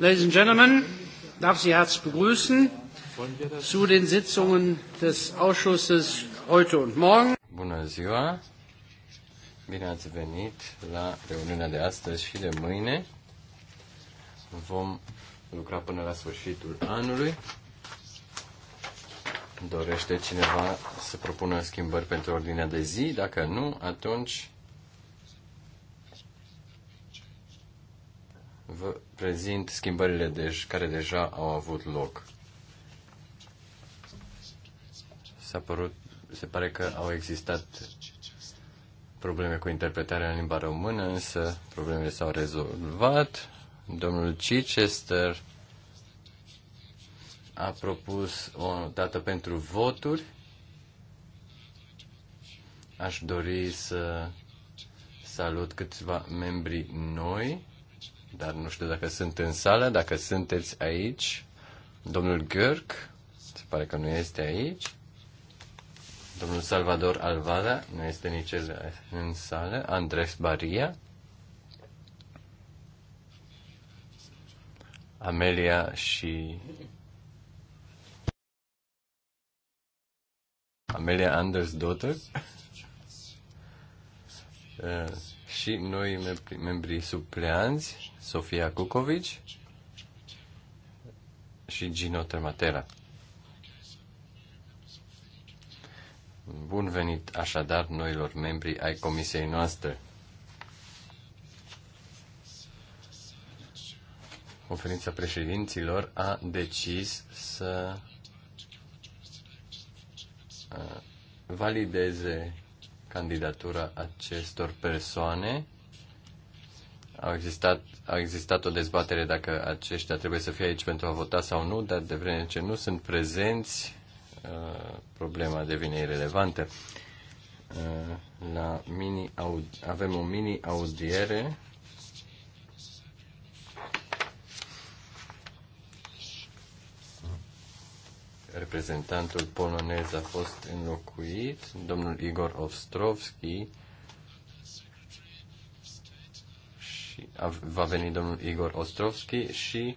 Ladies and Gentlemen, darf Sie herzlich begrüßen zu den Sitzungen des Ausschusses heute und morgen. Bună ziua. Bine ați venit la reuniunea de astăzi și de mâine. Vom lucra până la sfârșitul anului. Dorește cineva să propună schimbări pentru ordinea de zi? Dacă nu, atunci vă prezint schimbările de, care deja au avut loc. S-a părut, se pare că au existat probleme cu interpretarea în limba română, însă problemele s-au rezolvat. Domnul Chichester a propus o dată pentru voturi. Aș dori să salut câțiva membri noi dar nu știu dacă sunt în sală, dacă sunteți aici. Domnul Gârc, se pare că nu este aici. Domnul Salvador Alvada, nu este nici în sală. Andres Baria. Amelia și Amelia Anders' daughter și noi membri, membrii supleanți, Sofia Cucovici și Gino Trematera. Bun venit așadar noilor membri ai comisiei noastre. Conferința președinților a decis să valideze candidatura acestor persoane. Au existat, a existat o dezbatere dacă aceștia trebuie să fie aici pentru a vota sau nu, dar de vreme ce nu sunt prezenți, uh, problema devine irelevantă. Uh, la mini avem o mini audiere reprezentantul polonez a fost înlocuit, domnul Igor Ostrovski, și va veni domnul Igor Ostrovski și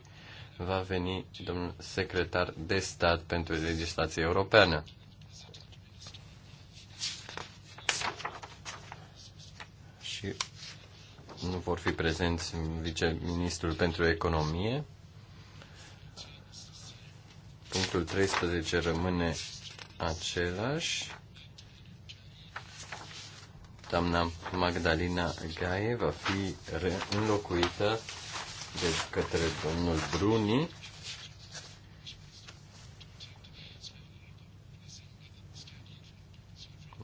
va veni domnul secretar de stat pentru legislație europeană. Și nu vor fi prezenți viceministrul pentru economie, Punctul 13 rămâne același. Doamna Magdalena Gaie va fi înlocuită de deci, către domnul Bruni.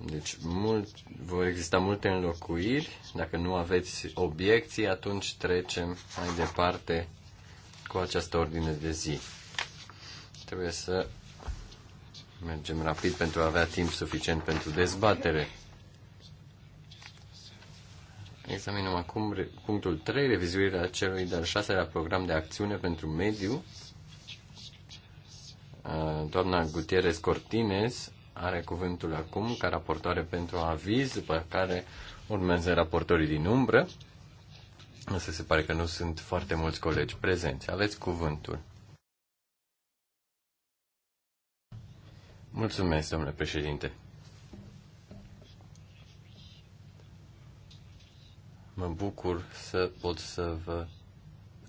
Deci mult, vor exista multe înlocuiri. Dacă nu aveți obiecții, atunci trecem mai departe cu această ordine de zi. Trebuie să mergem rapid pentru a avea timp suficient pentru dezbatere. Examinăm acum punctul 3, revizuirea celui de-al șaselea program de acțiune pentru mediu. Doamna Gutierrez Cortines are cuvântul acum ca raportoare pentru aviz, după care urmează raportorii din umbră. Însă se pare că nu sunt foarte mulți colegi prezenți. Aveți cuvântul. Mulțumesc, domnule președinte. Mă bucur să pot să vă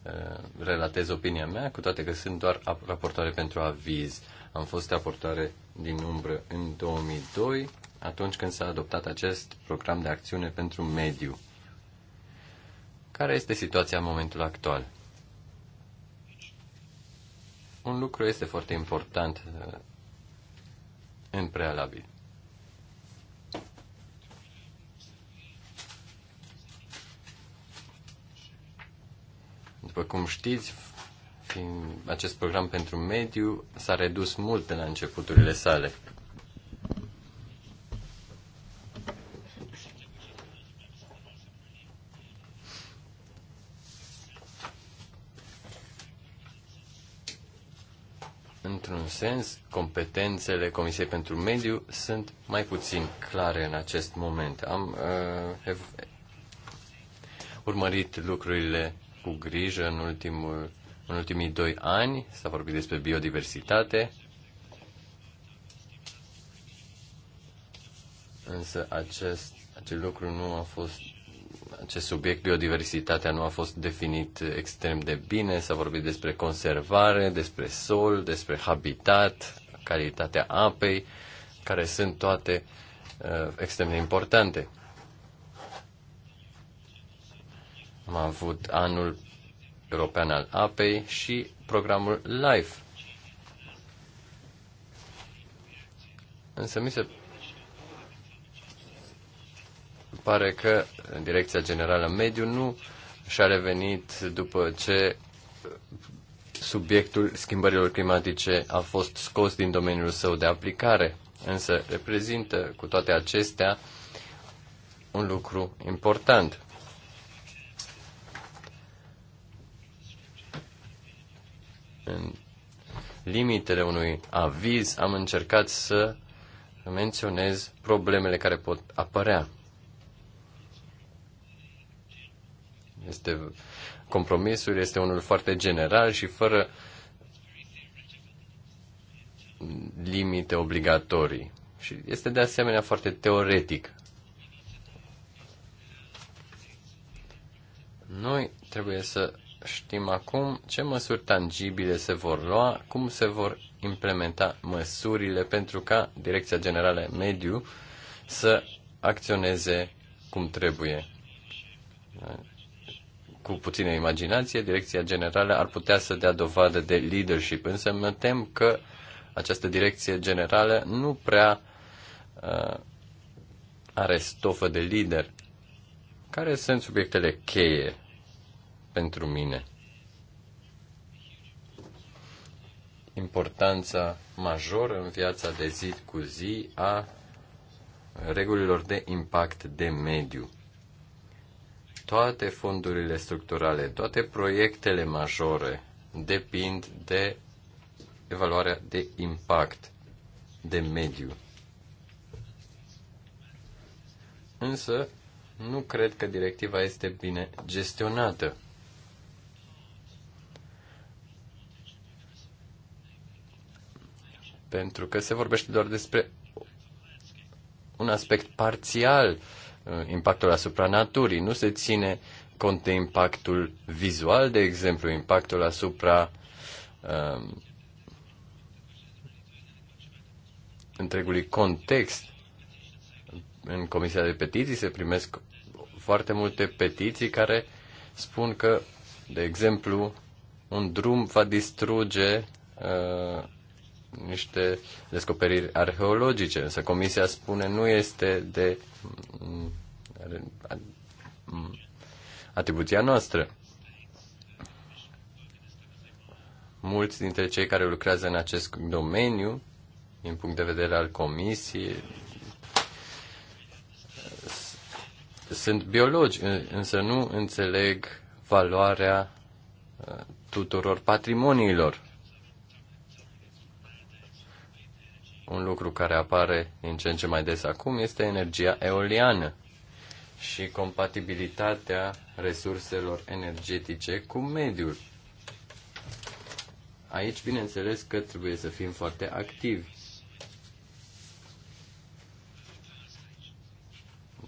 eh, relatez opinia mea, cu toate că sunt doar raportoare pentru aviz. Am fost raportoare din umbră în 2002, atunci când s-a adoptat acest program de acțiune pentru mediu. Care este situația în momentul actual? Un lucru este foarte important eh, prealabil. După cum știți, fiind acest program pentru mediu s-a redus mult de la începuturile sale. sens, competențele Comisiei pentru Mediu sunt mai puțin clare în acest moment. Am uh, urmărit lucrurile cu grijă în, ultimul, în ultimii doi ani. S-a vorbit despre biodiversitate. Însă acest, acest lucru nu a fost acest subiect, biodiversitatea nu a fost definit extrem de bine, s-a vorbit despre conservare, despre sol, despre habitat, calitatea apei, care sunt toate uh, extrem de importante. Am avut anul european al apei și programul LIFE. Însă mi se pare că Direcția Generală Mediu nu și-a revenit după ce subiectul schimbărilor climatice a fost scos din domeniul său de aplicare, însă reprezintă cu toate acestea un lucru important. În limitele unui aviz am încercat să menționez problemele care pot apărea. Este, compromisul este unul foarte general și fără limite obligatorii. Și este de asemenea foarte teoretic. Noi trebuie să știm acum ce măsuri tangibile se vor lua, cum se vor implementa măsurile pentru ca Direcția Generală Mediu să acționeze cum trebuie cu puțină imaginație, Direcția Generală ar putea să dea dovadă de leadership, însă mă tem că această Direcție Generală nu prea uh, are stofă de lider. Care sunt subiectele cheie pentru mine? Importanța majoră în viața de zi cu zi a regulilor de impact de mediu toate fondurile structurale, toate proiectele majore depind de evaluarea de impact, de mediu. Însă, nu cred că directiva este bine gestionată. Pentru că se vorbește doar despre un aspect parțial uh, Uh, impactul asupra naturii. Nu se ține cont de impactul vizual, de exemplu, impactul asupra um, întregului context. În Comisia de Petiții se primesc foarte multe petiții care spun că, de exemplu, un drum va distruge uh, niște descoperiri arheologice, însă comisia spune nu este de mm, mm, atribuția noastră. Mulți dintre cei care lucrează în acest domeniu, din punct de vedere al comisiei, sunt biologi, însă nu înțeleg valoarea uh, tuturor patrimoniilor Un lucru care apare din ce în ce mai des acum este energia eoliană și compatibilitatea resurselor energetice cu mediul. Aici, bineînțeles, că trebuie să fim foarte activi.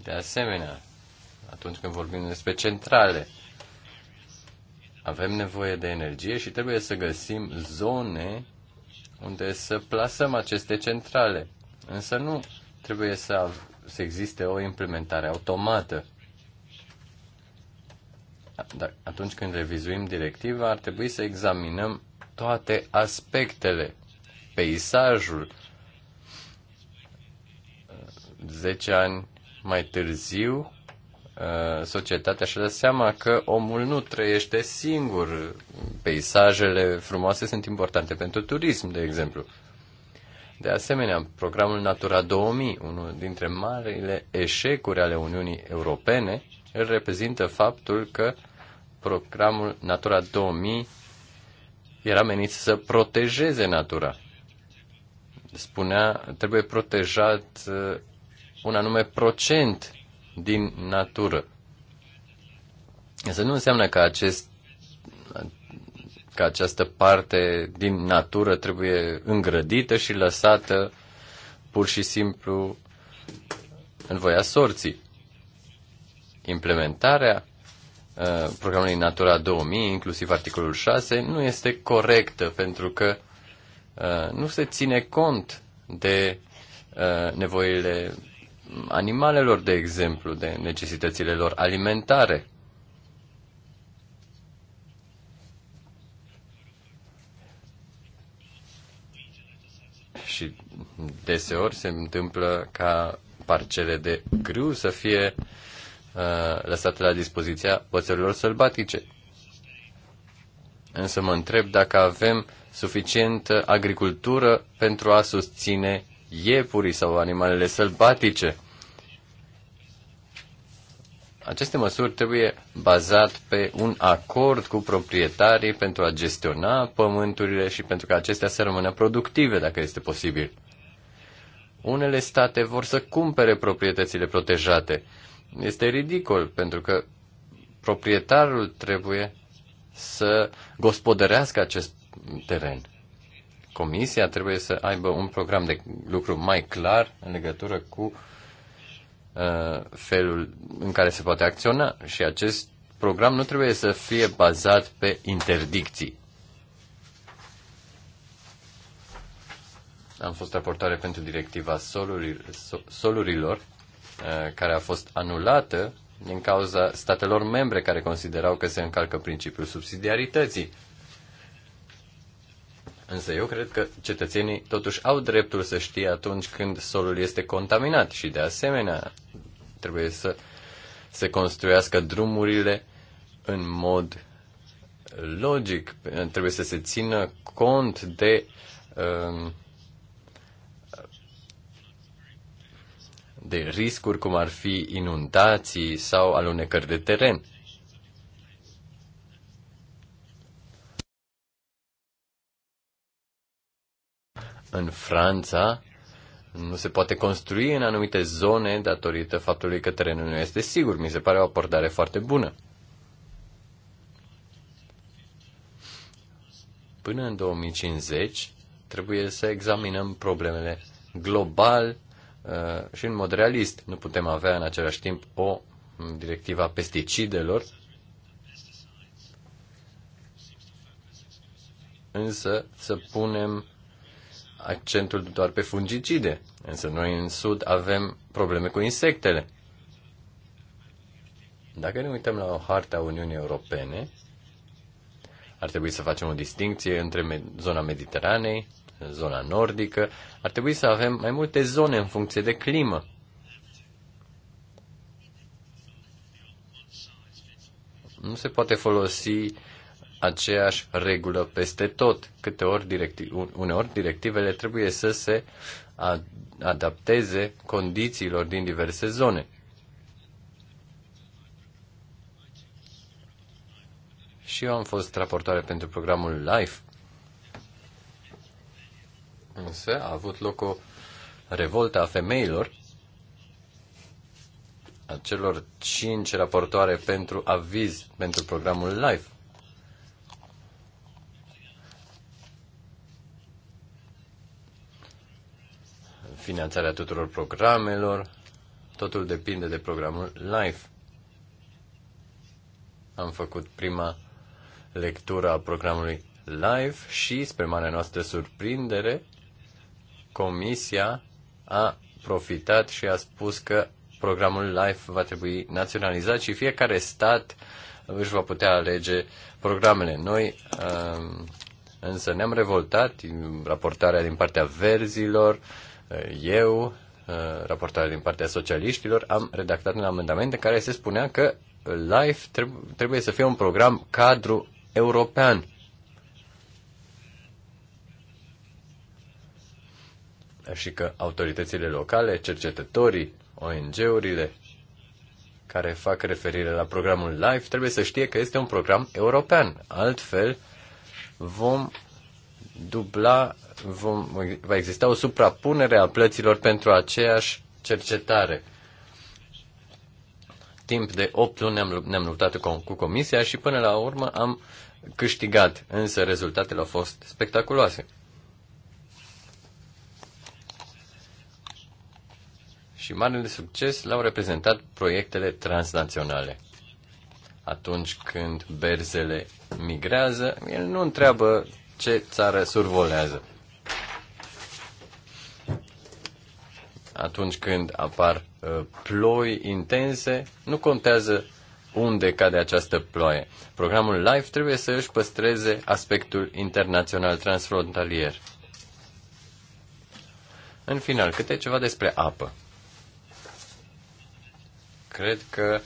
De asemenea, atunci când vorbim despre centrale, avem nevoie de energie și trebuie să găsim zone unde să plasăm aceste centrale. Însă nu trebuie să, să existe o implementare automată. Dar atunci când revizuim directiva, ar trebui să examinăm toate aspectele, peisajul. Zece ani mai târziu, Uh, societatea și-a dat seama că omul nu trăiește singur. Peisajele frumoase sunt importante pentru turism, de exemplu. De asemenea, programul Natura 2000, unul dintre marile eșecuri ale Uniunii Europene, îl reprezintă faptul că programul Natura 2000 era menit să protejeze natura. Spunea, trebuie protejat uh, un anume procent din natură. Însă nu înseamnă că, acest, că această parte din natură trebuie îngrădită și lăsată pur și simplu în voia sorții. Implementarea uh, programului Natura 2000, inclusiv articolul 6, nu este corectă pentru că uh, nu se ține cont de uh, nevoile animalelor, de exemplu, de necesitățile lor alimentare. Și deseori se întâmplă ca parcele de grâu să fie uh, lăsate la dispoziția păsărilor sălbatice. Însă mă întreb dacă avem suficientă agricultură pentru a susține iepurii sau animalele sălbatice. Aceste măsuri trebuie bazat pe un acord cu proprietarii pentru a gestiona pământurile și pentru ca acestea să rămână productive, dacă este posibil. Unele state vor să cumpere proprietățile protejate. Este ridicol, pentru că proprietarul trebuie să gospodărească acest teren. Comisia trebuie să aibă un program de lucru mai clar în legătură cu uh, felul în care se poate acționa și acest program nu trebuie să fie bazat pe interdicții. Am fost raportare pentru directiva solurilor, uh, care a fost anulată din cauza statelor membre care considerau că se încalcă principiul subsidiarității. Însă eu cred că cetățenii totuși au dreptul să știe atunci când solul este contaminat și de asemenea trebuie să se construiască drumurile în mod logic. Trebuie să se țină cont de um, de riscuri cum ar fi inundații sau alunecări de teren. În Franța nu se poate construi în anumite zone datorită faptului că terenul nu este sigur. Mi se pare o abordare foarte bună. Până în 2050 trebuie să examinăm problemele global uh, și în mod realist. Nu putem avea în același timp o a pesticidelor, însă să punem accentul doar pe fungicide, însă noi în Sud avem probleme cu insectele. Dacă ne uităm la o harta Uniunii Europene, ar trebui să facem o distinție între zona Mediteranei, zona nordică, ar trebui să avem mai multe zone în funcție de climă. Nu se poate folosi aceeași regulă peste tot. Câte ori directi- uneori directivele trebuie să se adapteze condițiilor din diverse zone. Și eu am fost raportoare pentru programul LIFE. Însă a avut loc o revoltă a femeilor, a celor cinci raportoare pentru aviz pentru programul LIFE. finanțarea tuturor programelor, totul depinde de programul LIFE. Am făcut prima lectură a programului LIFE și, spre marea noastră surprindere, Comisia a profitat și a spus că programul LIFE va trebui naționalizat și fiecare stat își va putea alege programele. Noi um, însă ne-am revoltat, raportarea din partea verzilor, eu, uh, raportarea din partea socialiștilor, am redactat un amendament în care se spunea că LIFE trebuie să fie un program cadru european. Și că autoritățile locale, cercetătorii, ONG-urile care fac referire la programul LIFE trebuie să știe că este un program european. Altfel vom dubla vom, va exista o suprapunere a plăților pentru aceeași cercetare. Timp de 8 luni ne-am, ne-am luptat cu, cu comisia și până la urmă am câștigat, însă rezultatele au fost spectaculoase. Și marele succes l-au reprezentat proiectele transnaționale. Atunci când berzele migrează, el nu întreabă ce țară survolează. atunci când apar uh, ploi intense, nu contează unde cade această ploaie. Programul LIFE trebuie să își păstreze aspectul internațional transfrontalier. În final, câte ceva despre apă. Cred că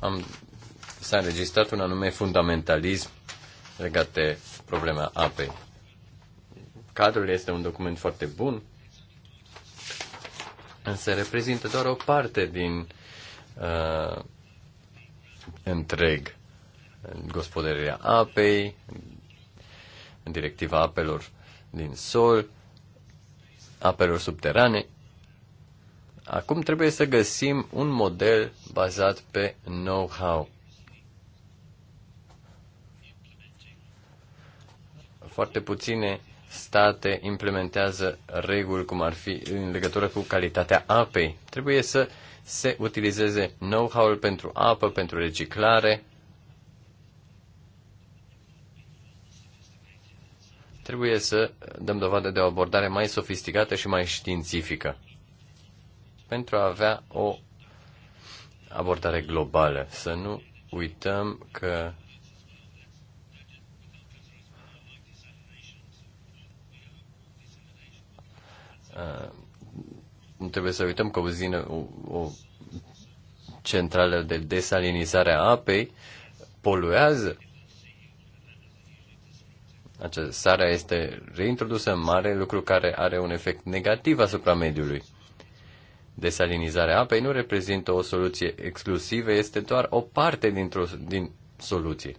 am, s-a înregistrat un anume fundamentalism legat de problema apei. Cadrul este un document foarte bun, însă reprezintă doar o parte din uh, întreg gospodărirea apei, directiva apelor din sol, apelor subterane. Acum trebuie să găsim un model bazat pe know-how. Foarte puține state implementează reguli cum ar fi în legătură cu calitatea apei. Trebuie să se utilizeze know-how-ul pentru apă, pentru reciclare. Trebuie să dăm dovadă de o abordare mai sofisticată și mai științifică pentru a avea o abordare globală. Să nu uităm că Uh, nu trebuie să uităm că o zină, o, o centrală de desalinizare a apei poluează. Această sarea este reintrodusă în mare, lucru care are un efect negativ asupra mediului. Desalinizarea apei nu reprezintă o soluție exclusivă, este doar o parte dintr-o, din soluție.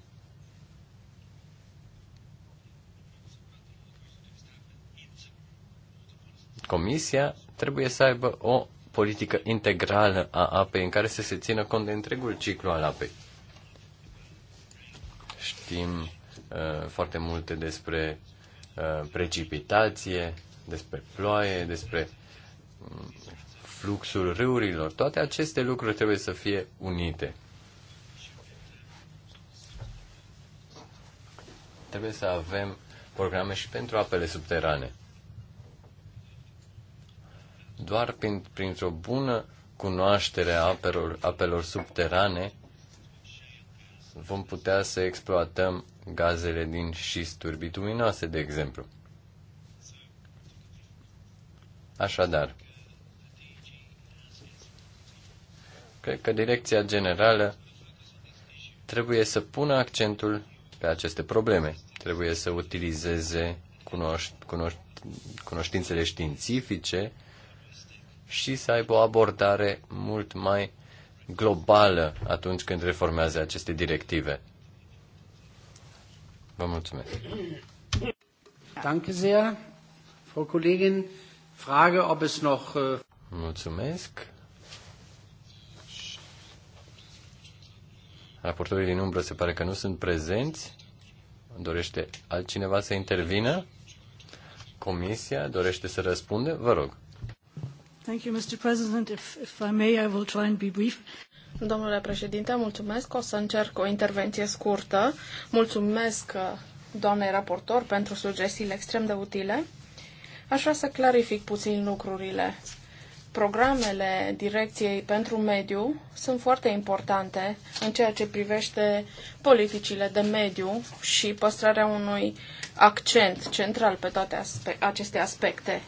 Comisia trebuie să aibă o politică integrală a apei în care să se țină cont de întregul ciclu al apei. Știm uh, foarte multe despre uh, precipitație, despre ploaie, despre mm, fluxul râurilor. Toate aceste lucruri trebuie să fie unite. Trebuie să avem programe și pentru apele subterane. Doar prin, printr-o bună cunoaștere a apelor, apelor subterane vom putea să exploatăm gazele din șisturi bituminoase, de exemplu. Așadar, cred că Direcția Generală trebuie să pună accentul pe aceste probleme. Trebuie să utilizeze cunoștințele științifice și să aibă o abordare mult mai globală atunci când reformează aceste directive. Vă mulțumesc. Danke sehr, Frau Kollegin. Frage, ob es noch... Äh, mulțumesc. Raportorii din umbră se pare că nu sunt prezenți. Dorește altcineva să intervină? Comisia dorește să răspunde? Vă rog. Domnule președinte, mulțumesc. O să încerc o intervenție scurtă. Mulțumesc uh, doamnei raportor pentru sugestiile extrem de utile. Aș vrea să clarific puțin lucrurile. Programele Direcției pentru Mediu sunt foarte importante în ceea ce privește politicile de mediu și păstrarea unui accent central pe toate aspe- aceste aspecte.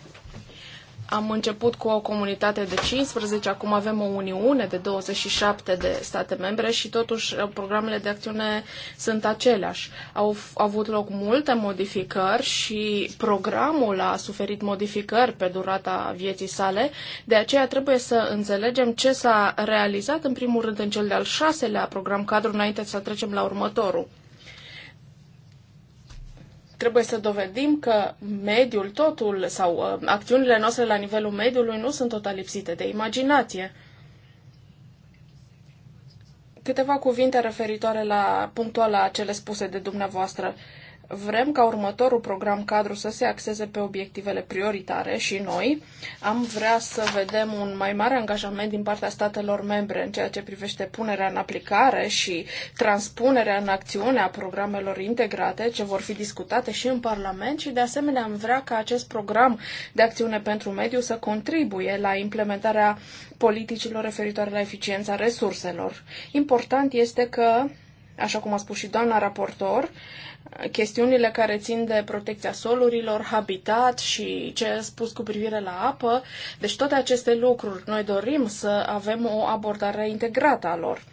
Am început cu o comunitate de 15, acum avem o uniune de 27 de state membre și totuși uh, programele de acțiune sunt aceleași. Au avut loc multe modificări și programul a suferit modificări pe durata vieții sale, de aceea trebuie să înțelegem ce s-a realizat în primul rând în cel de-al șaselea program cadru înainte să trecem la următorul. Trebuie să dovedim că mediul, totul sau uh, acțiunile noastre la nivelul mediului nu sunt total lipsite de imaginație. Câteva cuvinte referitoare la punctul la cele spuse de dumneavoastră. Vrem ca următorul program cadru să se axeze pe obiectivele prioritare și noi am vrea să vedem un mai mare angajament din partea statelor membre în ceea ce privește punerea în aplicare și transpunerea în acțiune a programelor integrate ce vor fi discutate și în Parlament și de asemenea am vrea ca acest program de acțiune pentru mediu să contribuie la implementarea politicilor referitoare la eficiența resurselor. Important este că așa cum a spus și doamna raportor, chestiunile care țin de protecția solurilor, habitat și ce a spus cu privire la apă. Deci toate aceste lucruri noi dorim să avem o abordare integrată a lor.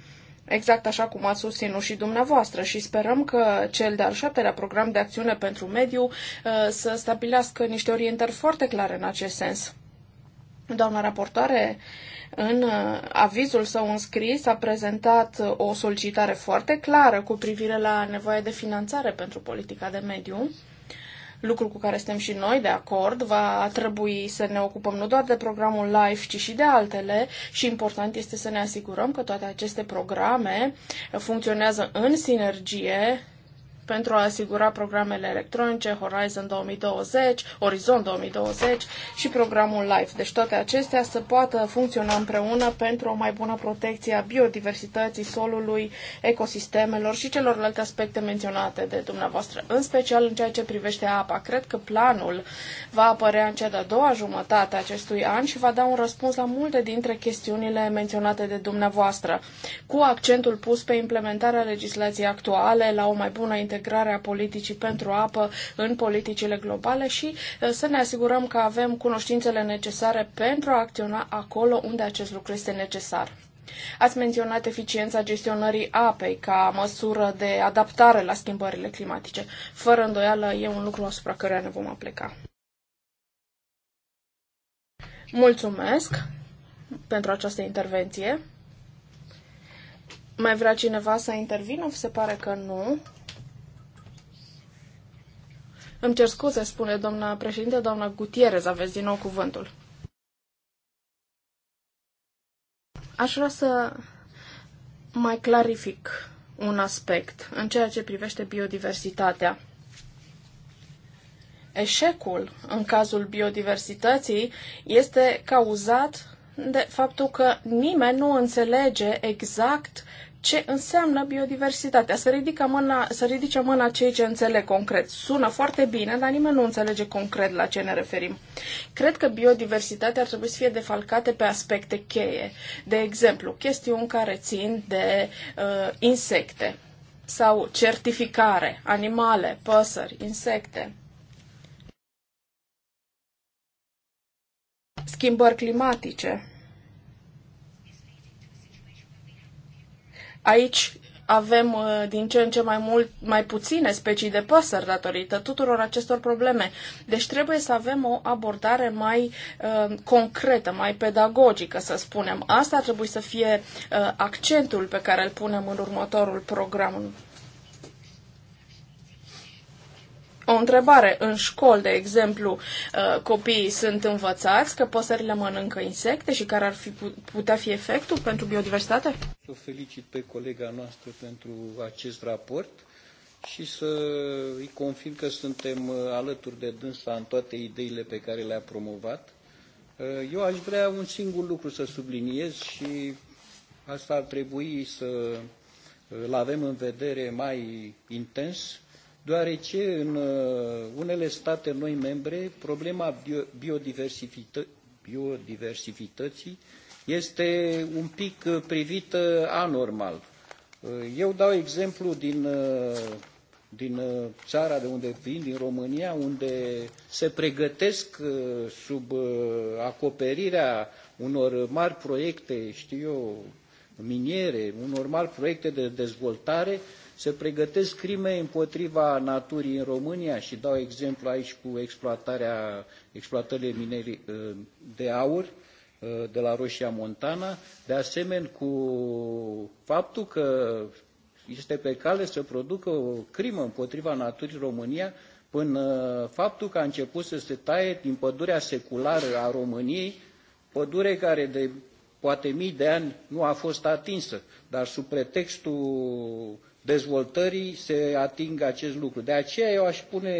Exact așa cum ați susținut și dumneavoastră și sperăm că cel de-al șaptelea program de acțiune pentru mediu uh, să stabilească niște orientări foarte clare în acest sens. Doamna raportoare, în uh, avizul său înscris, a prezentat uh, o solicitare foarte clară cu privire la nevoia de finanțare pentru politica de mediu lucru cu care suntem și noi de acord, va trebui să ne ocupăm nu doar de programul LIFE, ci și de altele și important este să ne asigurăm că toate aceste programe funcționează în sinergie pentru a asigura programele electronice Horizon 2020, Horizon 2020 și programul LIFE. Deci toate acestea să poată funcționa împreună pentru o mai bună protecție a biodiversității, solului, ecosistemelor și celorlalte aspecte menționate de dumneavoastră, în special în ceea ce privește apa. Cred că planul va apărea în cea de-a doua jumătate a acestui an și va da un răspuns la multe dintre chestiunile menționate de dumneavoastră, cu accentul pus pe implementarea legislației actuale la o mai bună integrare integrarea politicii pentru apă în politicile globale și uh, să ne asigurăm că avem cunoștințele necesare pentru a acționa acolo unde acest lucru este necesar. Ați menționat eficiența gestionării apei ca măsură de adaptare la schimbările climatice. Fără îndoială, e un lucru asupra căruia ne vom aplica. Mulțumesc pentru această intervenție. Mai vrea cineva să intervină? Se pare că nu. Îmi cer scuze, spune doamna președinte, doamna Gutierrez, aveți din nou cuvântul. Aș vrea să mai clarific un aspect în ceea ce privește biodiversitatea. Eșecul în cazul biodiversității este cauzat de faptul că nimeni nu înțelege exact uh, ce înseamnă biodiversitatea. Să, ridică mâna, să ridice mâna cei ce înțeleg concret. Sună foarte bine, dar nimeni nu înțelege concret la ce ne referim. Cred că biodiversitatea ar trebui să fie defalcate pe aspecte cheie. De exemplu, chestiuni care țin de uh, insecte sau certificare, animale, păsări, insecte. Schimbări climatice Aici avem uh, din ce în ce mai mult, mai puține specii de păsări datorită tuturor acestor probleme. Deci trebuie să avem o abordare mai uh, concretă, mai pedagogică, să spunem. Asta ar trebui să fie uh, accentul pe care îl punem în următorul program o întrebare. În școli, de exemplu, uh, copiii sunt învățați că păsările mănâncă insecte și care ar fi, putea fi efectul pentru biodiversitate? Să felicit pe colega noastră pentru acest raport și să îi confirm că suntem uh, alături de dânsa în toate ideile pe care le-a promovat. Uh, eu aș vrea un singur lucru să subliniez și asta ar trebui să-l avem în vedere mai intens deoarece în uh, unele state noi membre problema biodiversită biodiversității este un pic uh, privită anormal. Uh, eu dau exemplu din, din țara de unde vin, din România, unde se pregătesc sub acoperirea unor mari proiecte, știu eu, miniere, unor mari proiecte de dezvoltare, se pregătesc crime împotriva naturii în România și dau exemplu aici cu exploatarea, exploatările minerii uh, de aur uh, de la Roșia Montana, de asemenea cu faptul că este pe cale să producă o crimă împotriva naturii România până faptul că a început să se taie din pădurea seculară a României, pădure care de poate mii de ani nu a fost atinsă, dar sub pretextul dezvoltării se atingă acest lucru. De aceea eu aș pune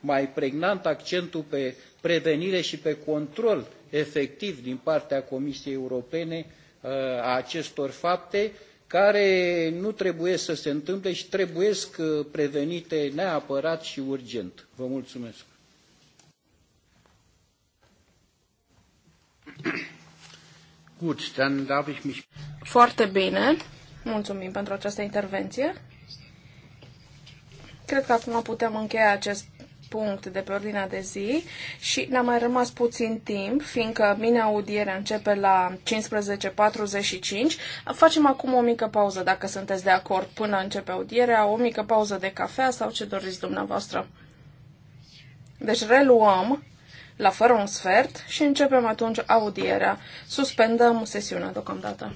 mai pregnant accentul pe prevenire și pe control efectiv din partea Comisiei Europene uh, a acestor fapte care nu trebuie să se întâmple și trebuie uh, prevenite neapărat și urgent. Vă mulțumesc. Foarte bine. Mulțumim pentru această intervenție. Cred că acum putem încheia acest punct de pe ordinea de zi și ne-a mai rămas puțin timp, fiindcă mine audierea începe la 15.45. Facem acum o mică pauză, dacă sunteți de acord, până începe audierea, o mică pauză de cafea sau ce doriți dumneavoastră. Deci reluăm la fără un sfert și începem atunci audierea. Suspendăm sesiunea deocamdată.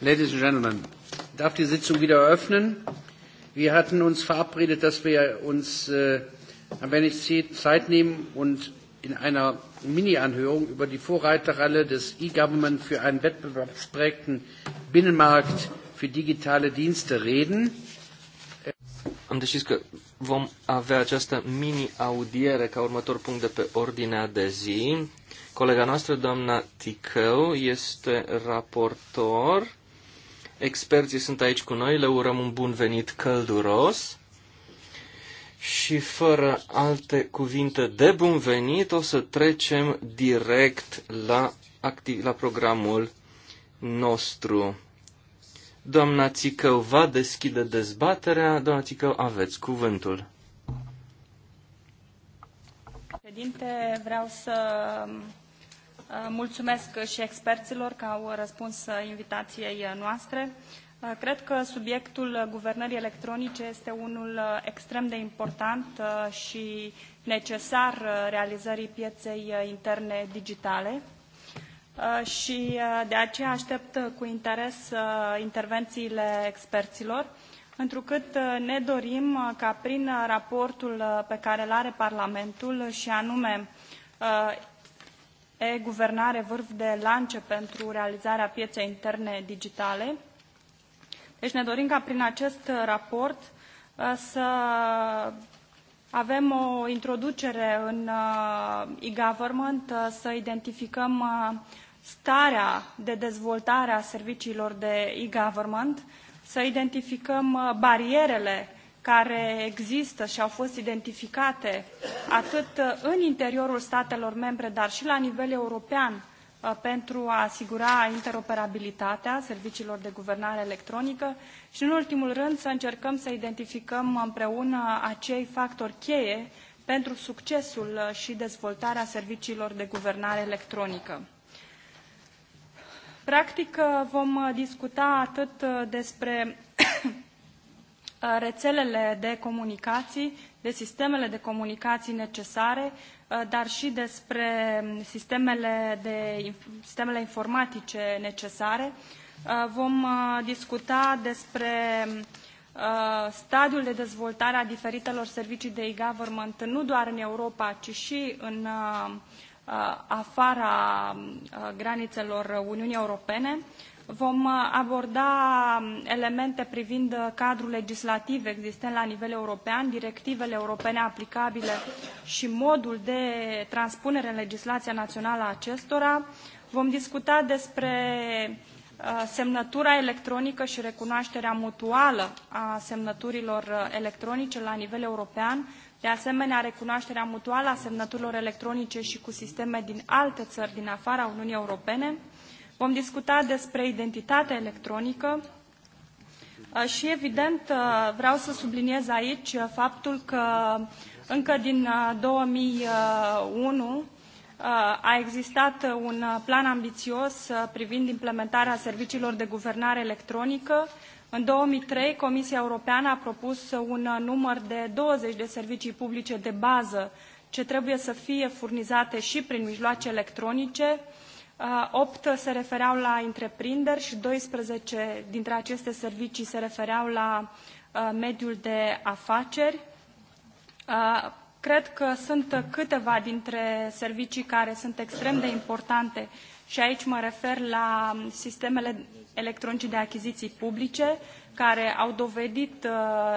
Ladies and Gentlemen, ich darf die Sitzung wieder eröffnen. Wir hatten uns verabredet, dass wir uns äh, ein wenig Zeit nehmen und in einer Mini-Anhörung über die Vorreiterrolle des E-Government für einen wettbewerbsprägten Binnenmarkt für digitale Dienste reden. Am decis că vom avea această mini-audiere ca următor punct de pe ordinea de zi. Colega noastră, doamna Ticău, este raportor Experții sunt aici cu noi, le urăm un bun venit călduros. Și fără alte cuvinte de bun venit, o să trecem direct la, activ- la programul nostru. Doamna Țicău va deschide dezbaterea. Doamna Țicău, aveți cuvântul. Președinte, vreau să Uh, mulțumesc și experților că au răspuns invitației noastre. Uh, cred că subiectul guvernării electronice este unul uh, extrem de important și necesar realizării pieței interne digitale și de aceea aștept cu interes intervențiile experților, întrucât ne dorim ca prin raportul pe care îl are Parlamentul și anume e-guvernare vârf de lance pentru realizarea pieței interne digitale. Deci ne dorim ca prin acest raport uh, să avem o introducere în uh, e-government, uh, să identificăm starea de dezvoltare a serviciilor de e-government, să identificăm barierele care există și au fost identificate atât uh, în interiorul statelor membre, dar și la nivel european uh, pentru a asigura interoperabilitatea serviciilor de guvernare electronică și, în ultimul rând, să încercăm să identificăm împreună acei factori cheie pentru succesul uh, și dezvoltarea serviciilor de guvernare electronică. Practic, vom discuta atât despre Uh, rețelele de comunicații, de sistemele de comunicații necesare, uh, dar și despre sistemele, de, sistemele informatice necesare. Uh, vom discuta despre stadiul de dezvoltare a diferitelor servicii de e-government, nu doar în Europa, ci și în afara granițelor Uniunii Europene. Vom uh, aborda um, elemente privind uh, cadrul legislativ existent la nivel european, directivele europene aplicabile și modul de transpunere în legislația națională a acestora. Vom discuta despre uh, semnătura electronică și recunoașterea mutuală a semnăturilor electronice la nivel european, de asemenea recunoașterea mutuală a semnăturilor electronice și cu sisteme din alte țări din afara Uniunii Europene. Vom discuta despre identitatea electronică uh, și, evident, uh, vreau să subliniez aici uh, faptul că încă din 2001 a existat un plan ambițios privind implementarea serviciilor de guvernare electronică. În 2003, Comisia Europeană a propus un număr de 20 de servicii publice de bază ce trebuie să fie furnizate și prin mijloace electronice. Uh, 8 uh, se refereau la întreprinderi și 12 dintre aceste servicii se refereau la uh, mediul de afaceri. Uh, cred că sunt câteva dintre servicii care sunt extrem de importante și aici mă refer la sistemele electronice de achiziții publice, care au dovedit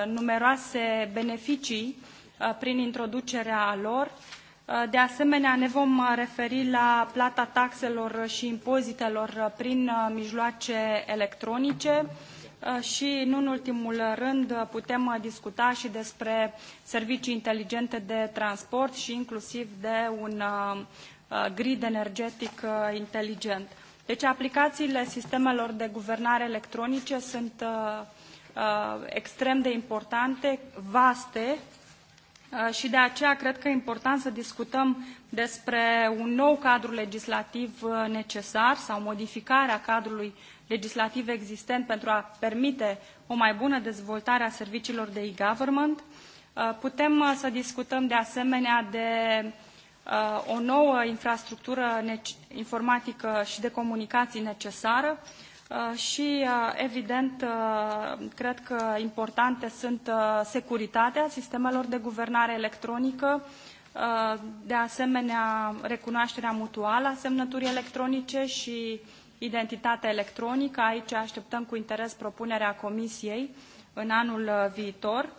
numeroase beneficii prin introducerea lor. De asemenea, ne vom uh, referi la plata taxelor și impozitelor uh, prin uh, mijloace electronice și, nu în ultimul rând, putem discuta și despre servicii inteligente de transport și inclusiv de un grid energetic inteligent. Deci aplicațiile sistemelor de guvernare electronice sunt extrem de importante, vaste Uh, și de aceea cred că e important să discutăm despre un nou cadru legislativ uh, necesar sau modificarea cadrului legislativ existent pentru a permite o mai bună dezvoltare a serviciilor de e-government. Uh, putem să discutăm de asemenea de o nouă infrastructură informatică și de comunicații necesară, Uh, și, uh, evident, uh, cred că importante sunt securitatea sistemelor de guvernare electronică, de asemenea recunoașterea mutuală a semnăturii electronice și identitatea electronică. Aici așteptăm cu interes propunerea Comisiei în anul viitor.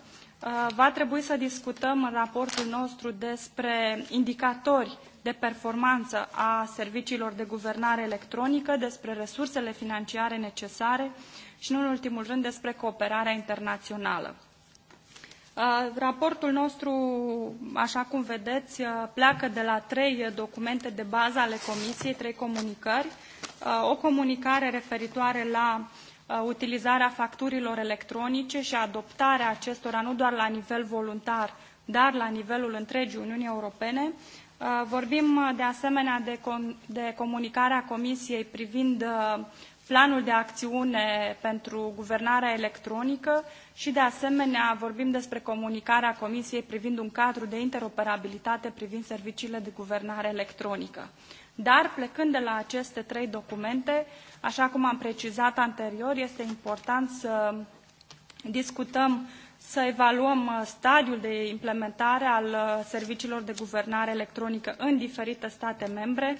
Va trebui să discutăm în raportul nostru despre indicatori de performanță a serviciilor de guvernare electronică, despre resursele financiare necesare și, nu în ultimul rând, despre cooperarea internațională. Uh, raportul nostru, așa cum vedeți, uh, pleacă de la trei documente de bază ale Comisiei, trei comunicări. Uh, o comunicare referitoare la utilizarea facturilor electronice și adoptarea acestora nu doar la nivel voluntar, dar la nivelul întregii Uniunii Europene, Uh, vorbim uh, de asemenea de, com de comunicarea Comisiei privind uh, planul de acțiune pentru guvernarea electronică și de asemenea vorbim despre comunicarea Comisiei privind un cadru de interoperabilitate privind serviciile de guvernare electronică. Dar plecând de la aceste trei documente, așa cum am precizat anterior, este important să discutăm să evaluăm uh, stadiul de implementare al uh, serviciilor de guvernare electronică în diferite state membre,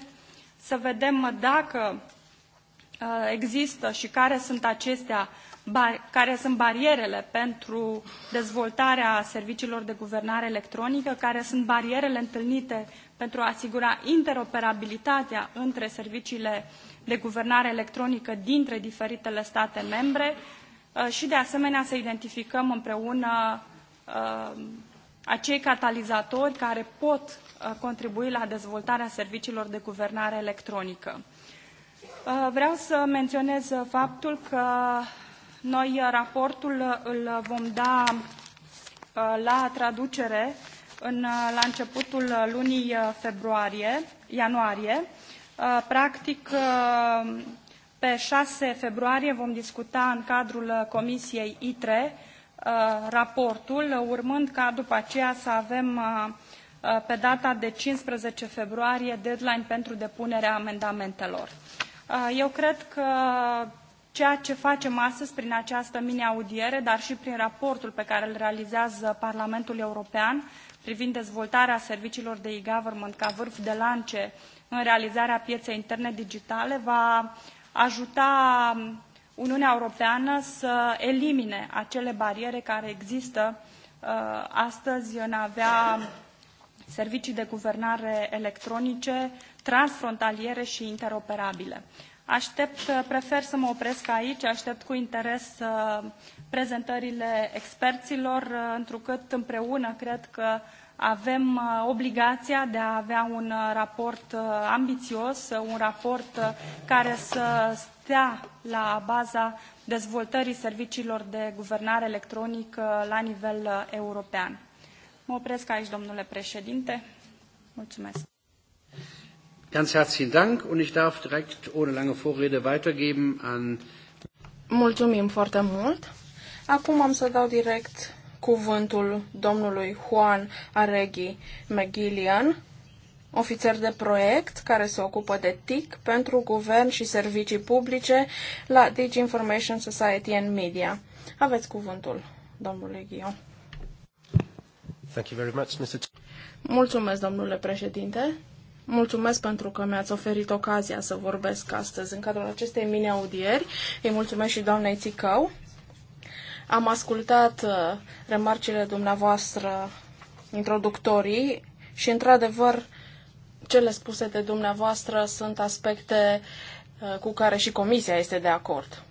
să vedem uh, dacă există și care sunt acestea, care sunt barierele pentru dezvoltarea serviciilor de guvernare electronică, care sunt barierele întâlnite pentru a asigura interoperabilitatea între serviciile de guvernare electronică dintre diferitele state membre Uh, și de asemenea să identificăm împreună uh, acei catalizatori care pot uh, contribui la dezvoltarea serviciilor de guvernare electronică. Vreau să menționez faptul că noi raportul îl vom da la traducere în, la începutul lunii februarie, ianuarie. Practic, pe 6 februarie vom discuta în cadrul uh, Comisiei ITRE uh, raportul, urmând ca după aceea să avem uh, pe data de 15 februarie deadline pentru depunerea amendamentelor. Eu cred că ceea ce facem astăzi prin această mini-audiere, dar și prin raportul pe care îl realizează Parlamentul European privind dezvoltarea serviciilor de e-government ca vârf de lance în realizarea pieței interne digitale, va ajuta um, Uniunea Europeană să elimine acele bariere care există uh, astăzi în a avea servicii de guvernare electronice transfrontaliere și interoperabile. Aștept, uh, prefer să mă opresc aici, aștept cu interes uh, prezentările experților, întrucât împreună cred că avem uh, obligația de a avea un uh, raport uh, ambițios, un raport care să stea la baza dezvoltării serviciilor de guvernare electronică la nivel european. Mă opresc aici, domnule președinte. Mulțumesc. Ganz herzlichen Dank und ich darf direkt ohne lange Vorrede weitergeben an Mulțumim foarte mult. Acum am să dau direct cuvântul domnului Juan Areghi McGillian, ofițer de proiect care se ocupă de TIC pentru guvern și servicii publice la Digi Information Society and Media. Aveți cuvântul, domnule Ghiu. Thank you very much, Mr. Mulțumesc, domnule președinte. Mulțumesc pentru că mi-ați oferit ocazia să vorbesc astăzi în cadrul acestei mini-audieri. Îi mulțumesc și doamnei Țicău am ascultat uh, remarcile dumneavoastră introductorii și, într-adevăr, cele spuse de dumneavoastră sunt aspecte uh, cu care și Comisia este de acord.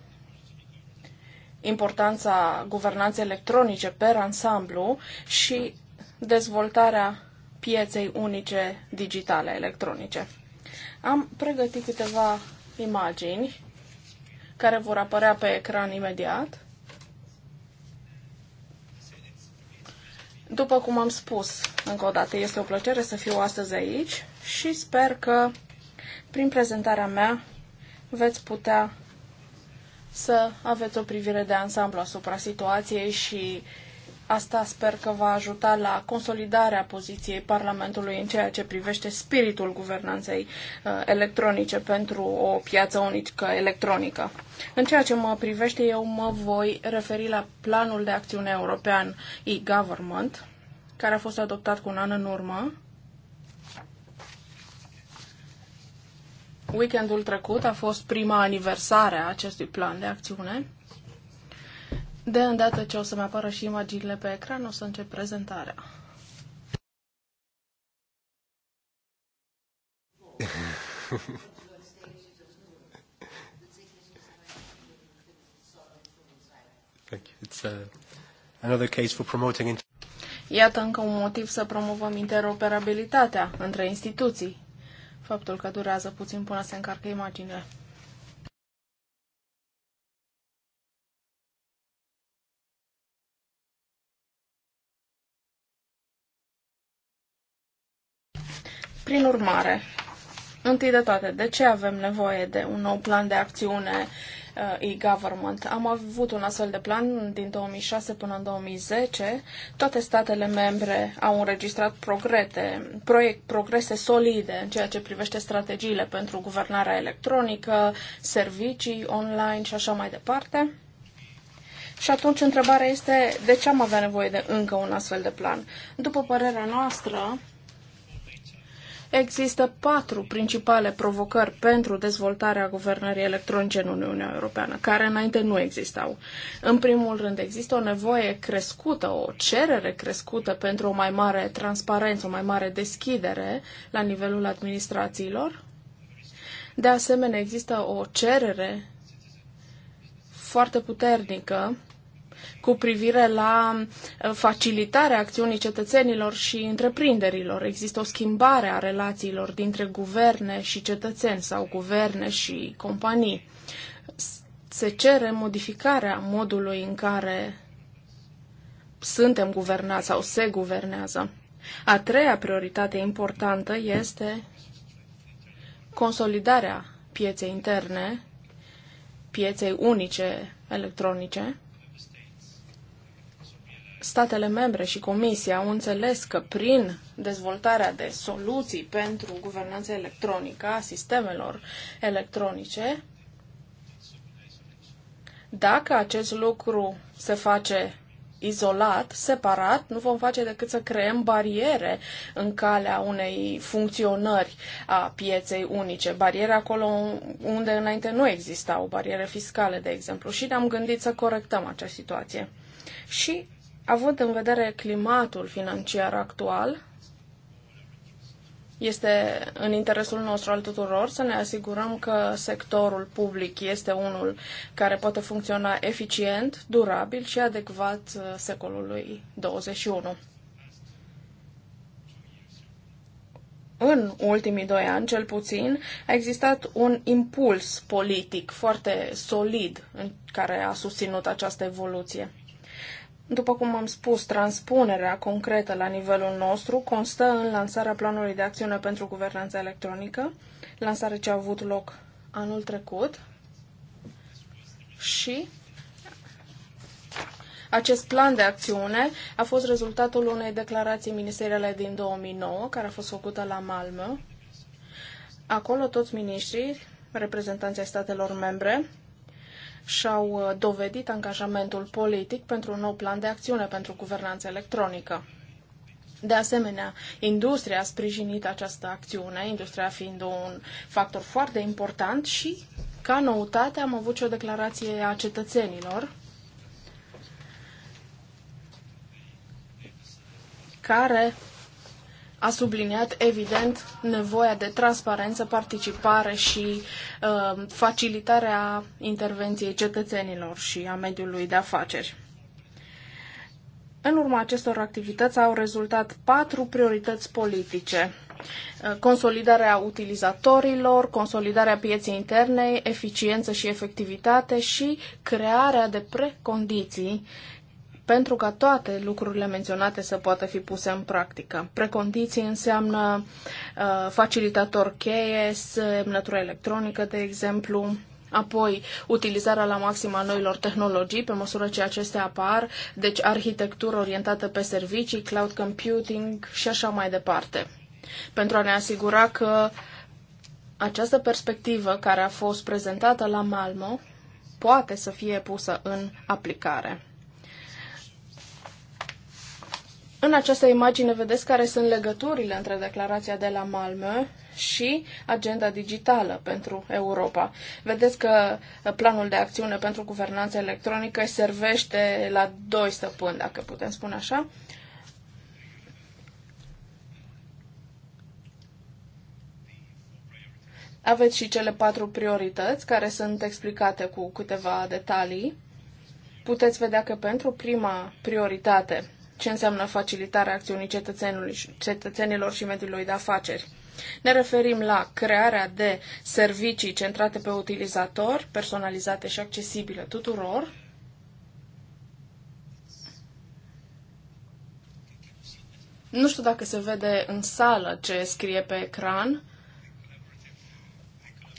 Importanța guvernanței electronice per ansamblu și dezvoltarea pieței unice digitale electronice. Am pregătit câteva imagini care vor apărea pe ecran imediat. După cum am spus, încă o dată, este o plăcere să fiu astăzi aici și sper că prin prezentarea mea veți putea să aveți o privire de ansamblu asupra situației și Asta sper că va ajuta la consolidarea poziției Parlamentului în ceea ce privește spiritul guvernanței uh, electronice pentru o piață unică electronică. În ceea ce mă privește, eu mă voi referi la planul de acțiune european e-government, care a fost adoptat cu un an în urmă. Weekendul trecut a fost prima aniversare a acestui plan de acțiune. De îndată ce o să-mi apară și imaginile pe ecran, o să încep prezentarea. Thank you. It's uh, another case for promoting Iată încă un motiv să promovăm interoperabilitatea între instituții. Faptul că durează puțin până se încarcă imaginea. Prin urmare, întâi de toate, de ce avem nevoie de un nou plan de acțiune uh, e-government. Am avut un astfel de plan din 2006 până în 2010. Toate statele membre au înregistrat progrete, proiect, progrese solide în ceea ce privește strategiile pentru guvernarea electronică, servicii online și așa mai departe. Și atunci întrebarea este de ce am avea nevoie de încă un astfel de plan? După părerea noastră, Există patru principale provocări pentru dezvoltarea guvernării electronice în Uniunea Europeană, care înainte nu existau. În primul rând, există o nevoie crescută, o cerere crescută pentru o mai mare transparență, o mai mare deschidere la nivelul administrațiilor. De asemenea, există o cerere foarte puternică cu privire la uh, facilitarea acțiunii cetățenilor și întreprinderilor. Există o schimbare a relațiilor dintre guverne și cetățeni sau guverne și companii. Se cere modificarea modului în care suntem guvernați sau se guvernează. A treia prioritate importantă este consolidarea pieței interne, pieței unice electronice, statele membre și Comisia au înțeles că prin dezvoltarea de soluții pentru guvernanța electronică a sistemelor electronice, dacă acest lucru se face izolat, separat, nu vom face decât să creăm bariere în calea unei funcționări a pieței unice. Bariere acolo unde înainte nu existau, bariere fiscale, de exemplu, și ne-am gândit să corectăm această situație. Și Având în vedere climatul financiar actual, este în interesul nostru al tuturor să ne asigurăm că sectorul public este unul care poate funcționa eficient, durabil și adecvat uh, secolului 21. În ultimii doi ani, cel puțin, a existat un impuls politic foarte solid în care a susținut această evoluție. După cum am spus, transpunerea concretă la nivelul nostru constă în lansarea planului de acțiune pentru guvernanța electronică, lansare ce a avut loc anul trecut și acest plan de acțiune a fost rezultatul unei declarații ministeriale din 2009, care a fost făcută la Malmö. Acolo toți miniștrii, reprezentanții statelor membre, și-au uh, dovedit angajamentul politic pentru un nou plan de acțiune pentru guvernanță electronică. De asemenea, industria a sprijinit această acțiune, industria fiind un factor foarte important și, ca noutate, am avut și o declarație a cetățenilor care a subliniat, evident, nevoia de transparență, participare și uh, facilitarea intervenției cetățenilor și a mediului de afaceri. În urma acestor activități au rezultat patru priorități politice. Uh, consolidarea utilizatorilor, consolidarea pieței interne, eficiență și efectivitate și crearea de precondiții pentru ca toate lucrurile menționate să poată fi puse în practică. Precondiții înseamnă uh, facilitator cheie, semnătură electronică, de exemplu, apoi utilizarea la maxim a noilor tehnologii pe măsură ce acestea apar, deci arhitectură orientată pe servicii, cloud computing și așa mai departe. Pentru a ne asigura că această perspectivă care a fost prezentată la Malmo poate să fie pusă în aplicare. În această imagine vedeți care sunt legăturile între declarația de la Malmö și agenda digitală pentru Europa. Vedeți că planul de acțiune pentru guvernanță electronică îi servește la doi stăpâni, dacă putem spune așa. Aveți și cele patru priorități care sunt explicate cu câteva detalii. Puteți vedea că pentru prima prioritate ce înseamnă facilitarea acțiunii cetățenilor și mediului de afaceri. Ne referim la crearea de servicii centrate pe utilizator, personalizate și accesibile tuturor, Nu știu dacă se vede în sală ce scrie pe ecran.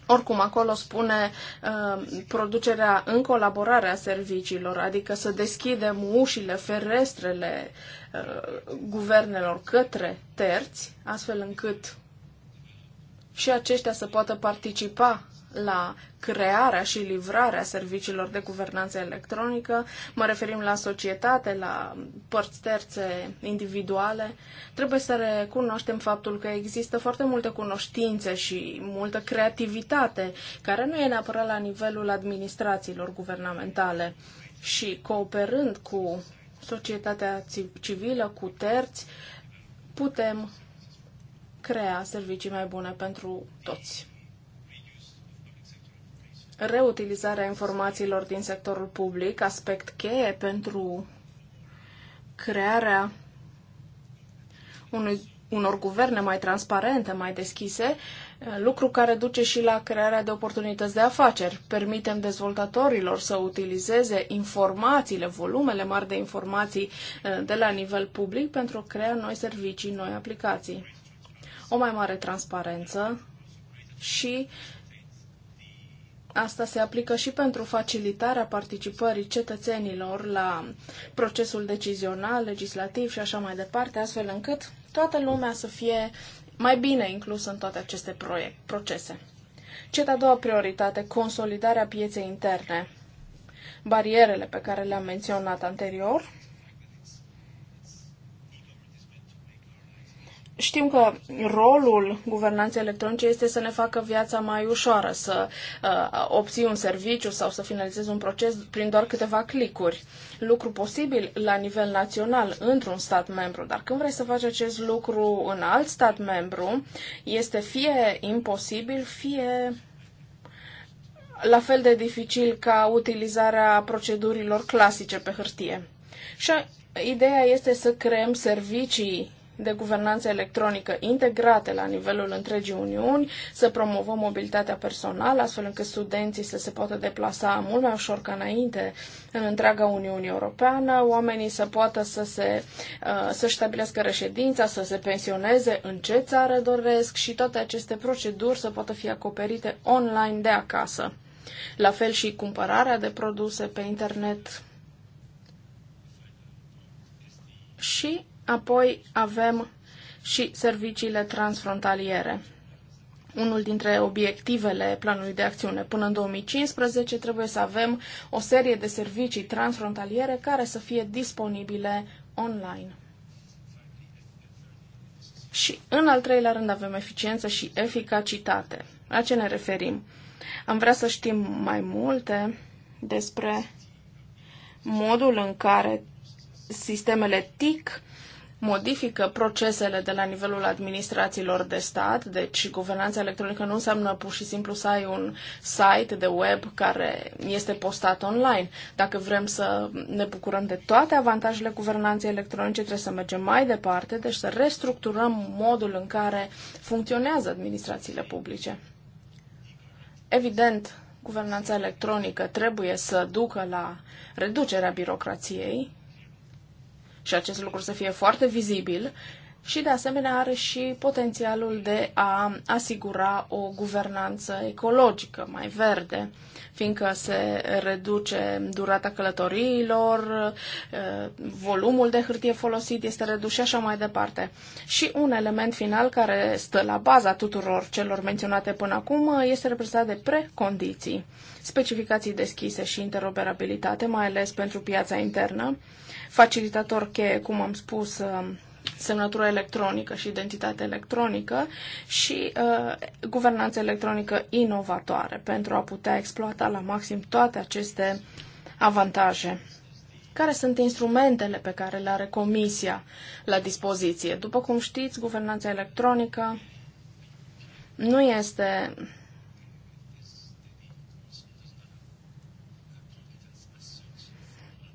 Oricum, acolo spune uh, producerea în colaborare a serviciilor, adică să deschidem ușile, ferestrele uh, guvernelor către terți, astfel încât și aceștia să poată participa la crearea și livrarea serviciilor de guvernanță electronică, mă referim la societate, la părți terțe individuale, trebuie să recunoaștem faptul că există foarte multe cunoștințe și multă creativitate, care nu e neapărat la nivelul administrațiilor guvernamentale. Și cooperând cu societatea civilă, cu terți, putem crea servicii mai bune pentru toți reutilizarea informațiilor din sectorul public, aspect cheie pentru crearea unui, unor guverne mai transparente, mai deschise, lucru care duce și la crearea de oportunități de afaceri. Permitem dezvoltatorilor să utilizeze informațiile, volumele mari de informații eh, de la nivel public pentru a crea noi servicii, noi aplicații. O mai mare transparență și Asta se aplică și pentru facilitarea participării cetățenilor la procesul decizional, legislativ și așa mai departe, astfel încât toată lumea să fie mai bine inclusă în toate aceste proiect, procese. Cea de-a doua prioritate, consolidarea pieței interne. Barierele pe care le-am menționat anterior Știm că rolul guvernanței electronice este să ne facă viața mai ușoară, să uh, obții un serviciu sau să finalizezi un proces prin doar câteva clicuri. Lucru posibil la nivel național într-un stat membru, dar când vrei să faci acest lucru în alt stat membru, este fie imposibil, fie la fel de dificil ca utilizarea procedurilor clasice pe hârtie. Și ideea este să creăm servicii de guvernanță electronică integrate la nivelul întregii Uniuni, să promovăm mobilitatea personală, astfel încât studenții să se poată deplasa mult mai ușor ca înainte în întreaga Uniune Europeană, oamenii să poată să se, uh, să-și stabilească reședința, să se pensioneze în ce țară doresc și toate aceste proceduri să poată fi acoperite online de acasă. La fel și cumpărarea de produse pe internet. Și Apoi avem și serviciile transfrontaliere. Unul dintre obiectivele planului de acțiune până în 2015 trebuie să avem o serie de servicii transfrontaliere care să fie disponibile online. Și în al treilea rând avem eficiență și eficacitate. La ce ne referim? Am vrea să știm mai multe despre modul în care sistemele TIC modifică procesele de la nivelul administrațiilor de stat, deci guvernanța electronică nu înseamnă pur și simplu să ai un site de web care este postat online. Dacă vrem să ne bucurăm de toate avantajele guvernanței electronice, trebuie să mergem mai departe, deci să restructurăm modul în care funcționează administrațiile publice. Evident, guvernanța electronică trebuie să ducă la reducerea birocrației, și acest lucru să fie foarte vizibil și de asemenea are și potențialul de a asigura o guvernanță ecologică mai verde, fiindcă se reduce durata călătoriilor, eh, volumul de hârtie folosit este redus și așa mai departe. Și un element final care stă la baza tuturor celor menționate până acum este reprezentat de precondiții, specificații deschise și interoperabilitate, mai ales pentru piața internă, facilitator cheie, cum am spus, uh, semnătură electronică și identitate electronică și uh, guvernanță electronică inovatoare pentru a putea exploata la maxim toate aceste avantaje. Care sunt instrumentele pe care le are Comisia la dispoziție? După cum știți, guvernanța electronică nu este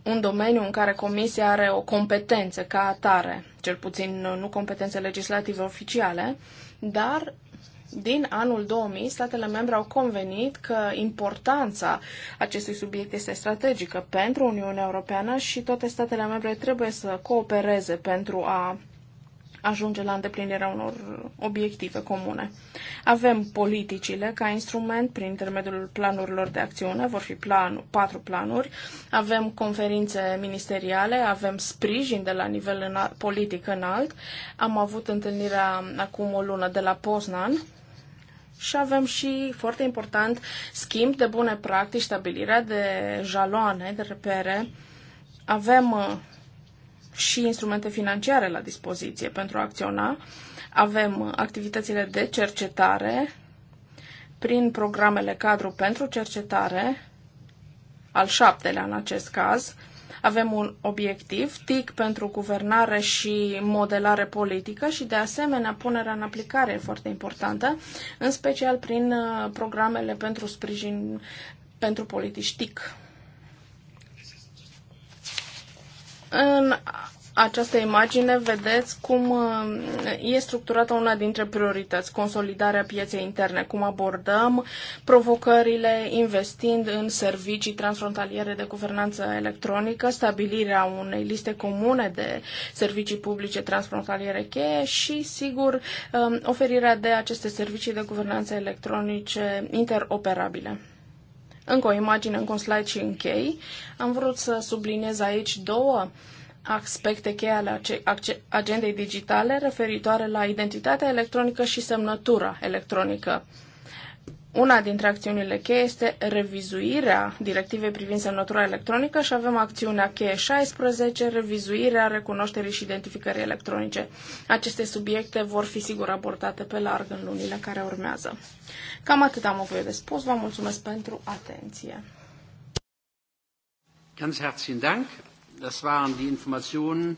un domeniu în care Comisia are o competență ca atare, cel puțin nu competențe legislative oficiale, dar din anul 2000, statele membre au convenit că importanța acestui subiect este strategică pentru Uniunea Europeană și toate statele membre trebuie să coopereze pentru a ajunge la îndeplinirea unor obiective comune. Avem politicile ca instrument prin intermediul planurilor de acțiune, vor fi plan, patru planuri, avem conferințe ministeriale, avem sprijin de la nivel înalt, politic înalt, am avut întâlnirea acum o lună de la Poznan, și avem și, foarte important, schimb de bune practici, stabilirea de jaloane, de repere. Avem uh, și instrumente financiare la dispoziție pentru a acționa. Avem activitățile de cercetare prin programele cadru pentru cercetare, al șaptelea în acest caz. Avem un obiectiv, TIC pentru guvernare și modelare politică și de asemenea punerea în aplicare e foarte importantă, în special prin uh, programele pentru sprijin pentru politici TIC. În această imagine vedeți cum uh, e structurată una dintre priorități, consolidarea pieței interne, cum abordăm provocările investind în servicii transfrontaliere de guvernanță electronică, stabilirea unei liste comune de servicii publice transfrontaliere cheie și, sigur, um, oferirea de aceste servicii de guvernanță electronice interoperabile. Încă o imagine, încă un slide și închei. Am vrut să subliniez aici două aspecte cheie ale agendei digitale referitoare la identitatea electronică și semnătura electronică. Una dintre acțiunile cheie este revizuirea directivei privind semnătura electronică și avem acțiunea cheie 16, revizuirea recunoașterii și identificării electronice. Aceste subiecte vor fi sigur abordate pe larg în lunile care urmează. Cam atât am avut de spus. Vă mulțumesc pentru atenție. Ganz herzlichen Dank. Das waren die Informationen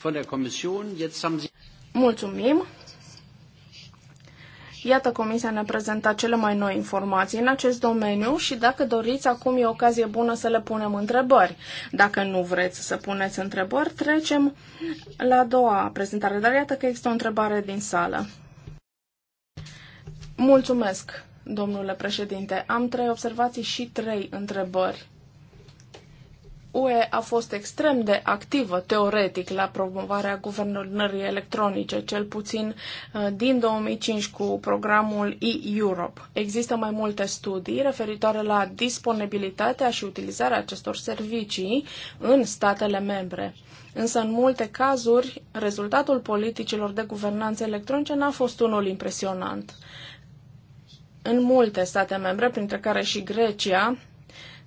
von der Kommission. Jetzt haben Sie Mulțumim. Iată, Comisia ne prezenta cele mai noi informații în acest domeniu și dacă doriți, acum e ocazie bună să le punem întrebări. Dacă nu vreți să puneți întrebări, trecem la a doua prezentare. Dar iată că există o întrebare din sală. Mulțumesc, domnule președinte. Am trei observații și trei întrebări. UE a fost extrem de activă teoretic la promovarea guvernării electronice, cel puțin uh, din 2005 cu programul e-Europe. Există mai multe studii referitoare la disponibilitatea și utilizarea acestor servicii în statele membre. Însă, în multe cazuri, rezultatul politicilor de guvernanță electronice n-a fost unul impresionant. În multe state membre, printre care și Grecia,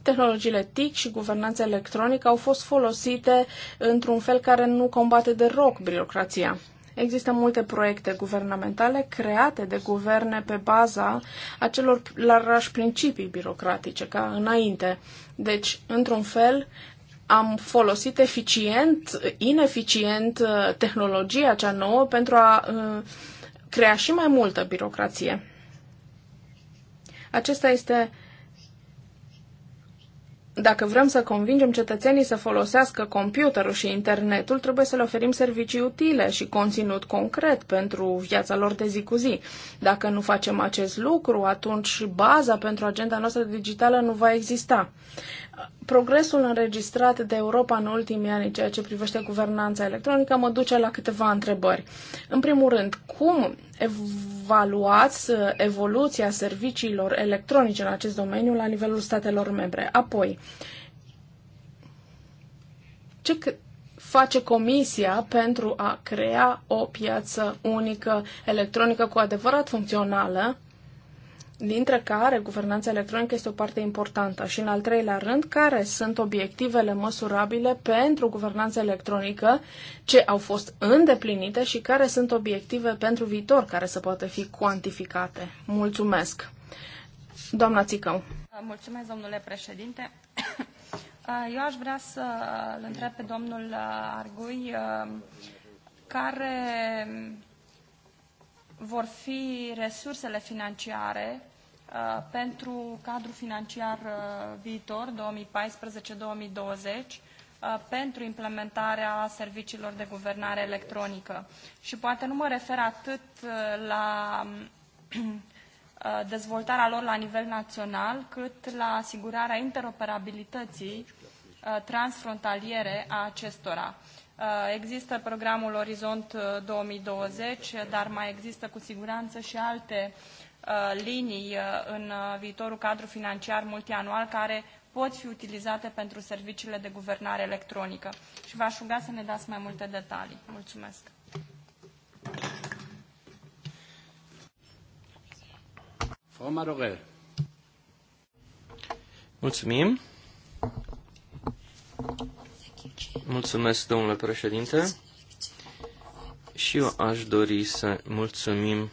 Tehnologiile TIC și guvernanța electronică au fost folosite într-un fel care nu combate de roc birocrația. Există multe proiecte guvernamentale create de guverne pe baza acelor larași principii birocratice, ca înainte. Deci, într-un fel, am folosit eficient, ineficient uh, tehnologia cea nouă pentru a uh, crea și mai multă birocrație. Acesta este dacă vrem să convingem cetățenii să folosească computerul și internetul, trebuie să le oferim servicii utile și conținut concret pentru viața lor de zi cu zi. Dacă nu facem acest lucru, atunci baza pentru agenda noastră digitală nu va exista progresul înregistrat de Europa în ultimii ani ceea ce privește guvernanța electronică mă duce la câteva întrebări. În primul rând, cum evaluați uh, evoluția serviciilor electronice în acest domeniu la nivelul statelor membre? Apoi, ce face Comisia pentru a crea o piață unică electronică cu adevărat funcțională dintre care guvernanța electronică este o parte importantă și, în al treilea rând, care sunt obiectivele măsurabile pentru guvernanța electronică, ce au fost îndeplinite și care sunt obiective pentru viitor care să poată fi cuantificate. Mulțumesc! Doamna Țicău. Mulțumesc, domnule președinte. Eu aș vrea să îl întreb pe domnul Argui care vor fi resursele financiare Uh, pentru cadrul financiar uh, viitor 2014-2020 uh, pentru implementarea serviciilor de guvernare electronică. Și poate nu mă refer atât la dezvoltarea lor la nivel național, cât la asigurarea interoperabilității transfrontaliere a acestora. Există programul Orizont 2020, dar mai există cu siguranță și alte uh, Uh, linii uh, în uh, viitorul cadru financiar multianual care pot fi utilizate pentru serviciile de guvernare electronică. Și v-aș ruga să ne dați mai multe detalii. Mulțumesc! Mulțumim! Mulțumesc, domnule președinte! Și eu aș dori să mulțumim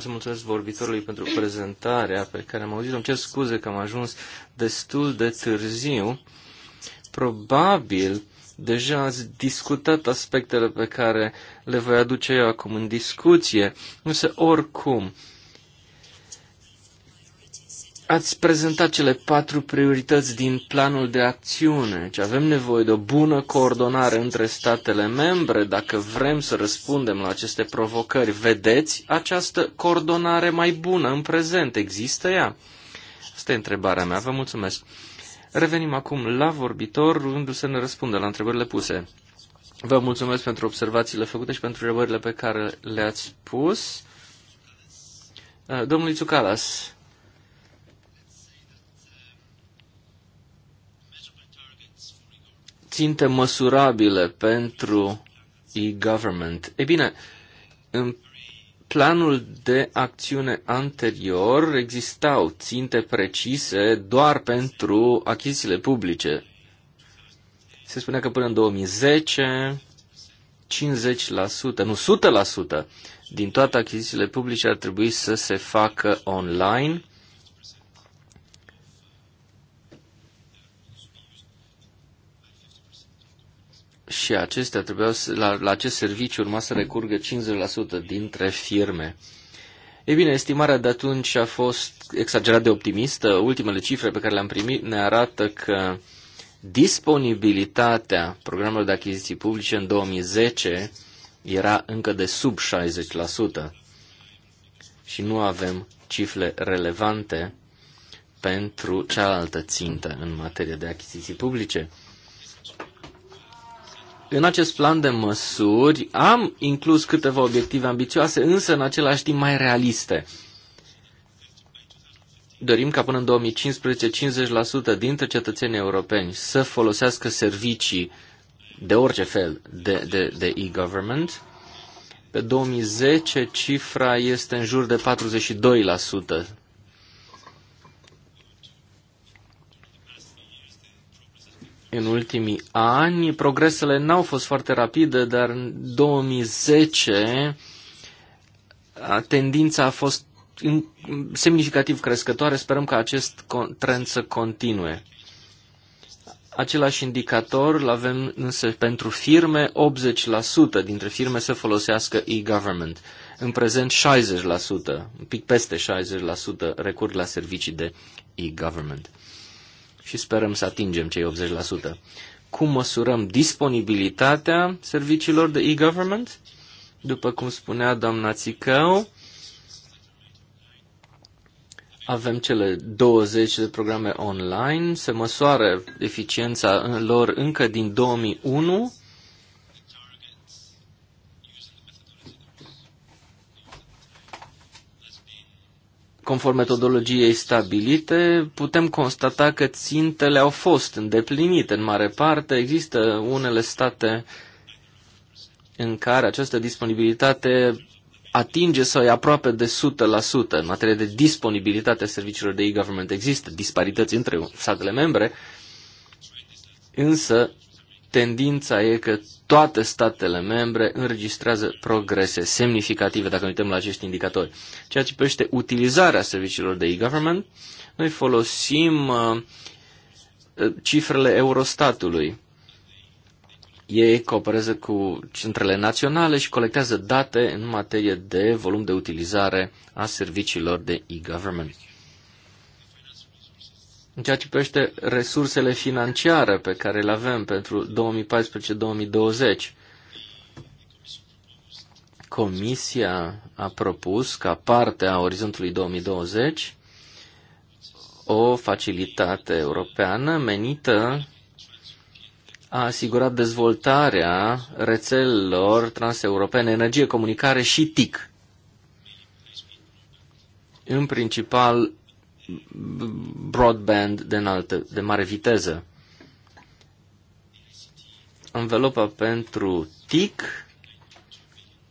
să mulțumesc vorbitorului pentru prezentarea pe care am auzit-o. Îmi cer scuze că am ajuns destul de târziu. Probabil deja ați discutat aspectele pe care le voi aduce eu acum în discuție, însă oricum, Ați prezentat cele patru priorități din planul de acțiune. Ce avem nevoie de o bună coordonare între statele membre dacă vrem să răspundem la aceste provocări. Vedeți această coordonare mai bună în prezent? Există ea? Asta e întrebarea mea. Vă mulțumesc. Revenim acum la vorbitor, rugându-se ne răspundă la întrebările puse. Vă mulțumesc pentru observațiile făcute și pentru întrebările pe care le-ați pus. Domnul Iucalas. ținte măsurabile pentru e-government. E bine, în planul de acțiune anterior existau ținte precise doar pentru achizițiile publice. Se spunea că până în 2010, 50%, nu 100% din toate achizițiile publice ar trebui să se facă online și acestea trebuiau să, la, la acest serviciu urma să recurgă 50% dintre firme. Ei bine, estimarea de atunci a fost exagerat de optimistă. Ultimele cifre pe care le-am primit ne arată că disponibilitatea programelor de achiziții publice în 2010 era încă de sub 60% și nu avem cifre relevante pentru cealaltă țintă în materie de achiziții publice. În acest plan de măsuri am inclus câteva obiective ambițioase, însă în același timp mai realiste. Dorim ca până în 2015 50% dintre cetățenii europeni să folosească servicii de orice fel de, de, de e-government. Pe 2010 cifra este în jur de 42%. în ultimii ani. Progresele n-au fost foarte rapide, dar în 2010 tendința a fost semnificativ crescătoare. Sperăm că acest trend să continue. Același indicator îl avem însă pentru firme, 80% dintre firme să folosească e-government. În prezent 60%, un pic peste 60% recurg la servicii de e-government și sperăm să atingem cei 80%. Cum măsurăm disponibilitatea serviciilor de e-government? După cum spunea doamna Țicău, avem cele 20 de programe online, se măsoară eficiența lor încă din 2001 Conform metodologiei stabilite, putem constata că țintele au fost îndeplinite în mare parte. Există unele state în care această disponibilitate atinge sau e aproape de 100% în materie de disponibilitate a serviciilor de e-government. Există disparități între statele membre, însă tendința e că toate statele membre înregistrează progrese semnificative dacă ne uităm la acești indicatori. Ceea ce privește utilizarea serviciilor de e-government, noi folosim uh, uh, cifrele Eurostatului. Ei cooperează cu centrele naționale și colectează date în materie de volum de utilizare a serviciilor de e-government. În ceea ce privește resursele financiare pe care le avem pentru 2014-2020, Comisia a propus ca parte a orizontului 2020 o facilitate europeană menită a asigurat dezvoltarea rețelelor transeuropene, energie, comunicare și TIC. În principal, broadband de, înaltă, de mare viteză. Învelopa pentru TIC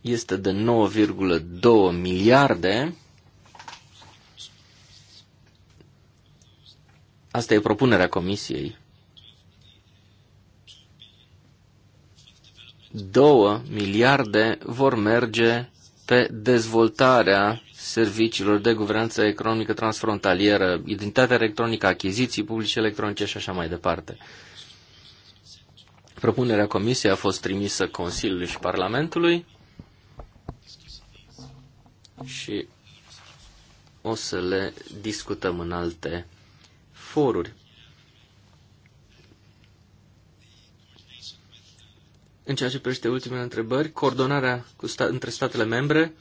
este de 9,2 miliarde. Asta e propunerea Comisiei. 2 miliarde vor merge pe dezvoltarea serviciilor de guvernanță economică transfrontalieră, identitatea electronică, achiziții publice electronice și așa mai departe. Propunerea Comisiei a fost trimisă Consiliului și Parlamentului și o să le discutăm în alte foruri. În ceea ce privește ultimele întrebări, coordonarea cu sta- între statele membre,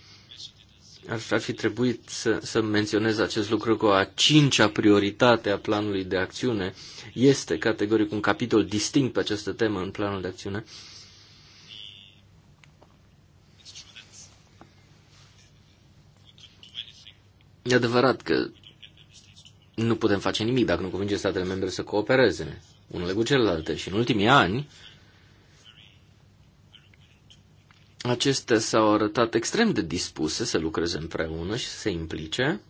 ar, ar fi trebuit să, să menționez acest lucru că a cincea prioritate a planului de acțiune este categoric un capitol distinct pe această temă în planul de acțiune. E adevărat că nu putem face nimic dacă nu convingem statele membre să coopereze unele cu celelalte. Și în ultimii ani, Acestea s-au arătat extrem de dispuse să lucreze împreună și să se implice.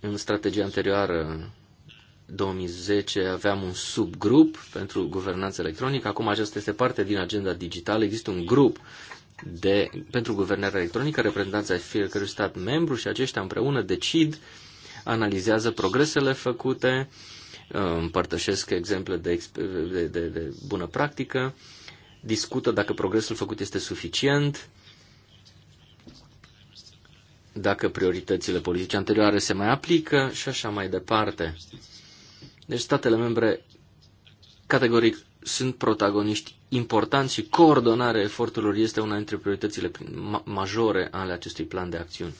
În strategia anterioară 2010 aveam un subgrup pentru guvernanță electronică, acum aceasta este parte din agenda digitală, există un grup de, pentru guvernare electronică, reprezentanța fiecărui stat membru și aceștia împreună decid, analizează progresele făcute, împărtășesc exemple de, de, de, de bună practică discută dacă progresul făcut este suficient, dacă prioritățile politice anterioare se mai aplică și așa mai departe. Deci statele membre categoric sunt protagoniști importanți și coordonarea eforturilor este una dintre prioritățile majore ale acestui plan de acțiuni.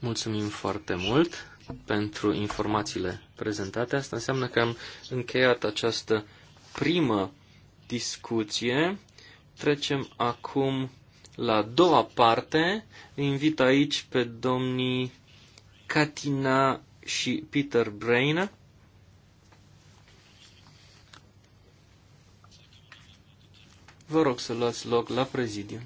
Mulțumim foarte mult pentru informațiile prezentate. Asta înseamnă că am încheiat această primă discuție. Trecem acum la a doua parte. Invit aici pe domnii Katina și Peter Brain. Vă rog să luați loc la prezidiu.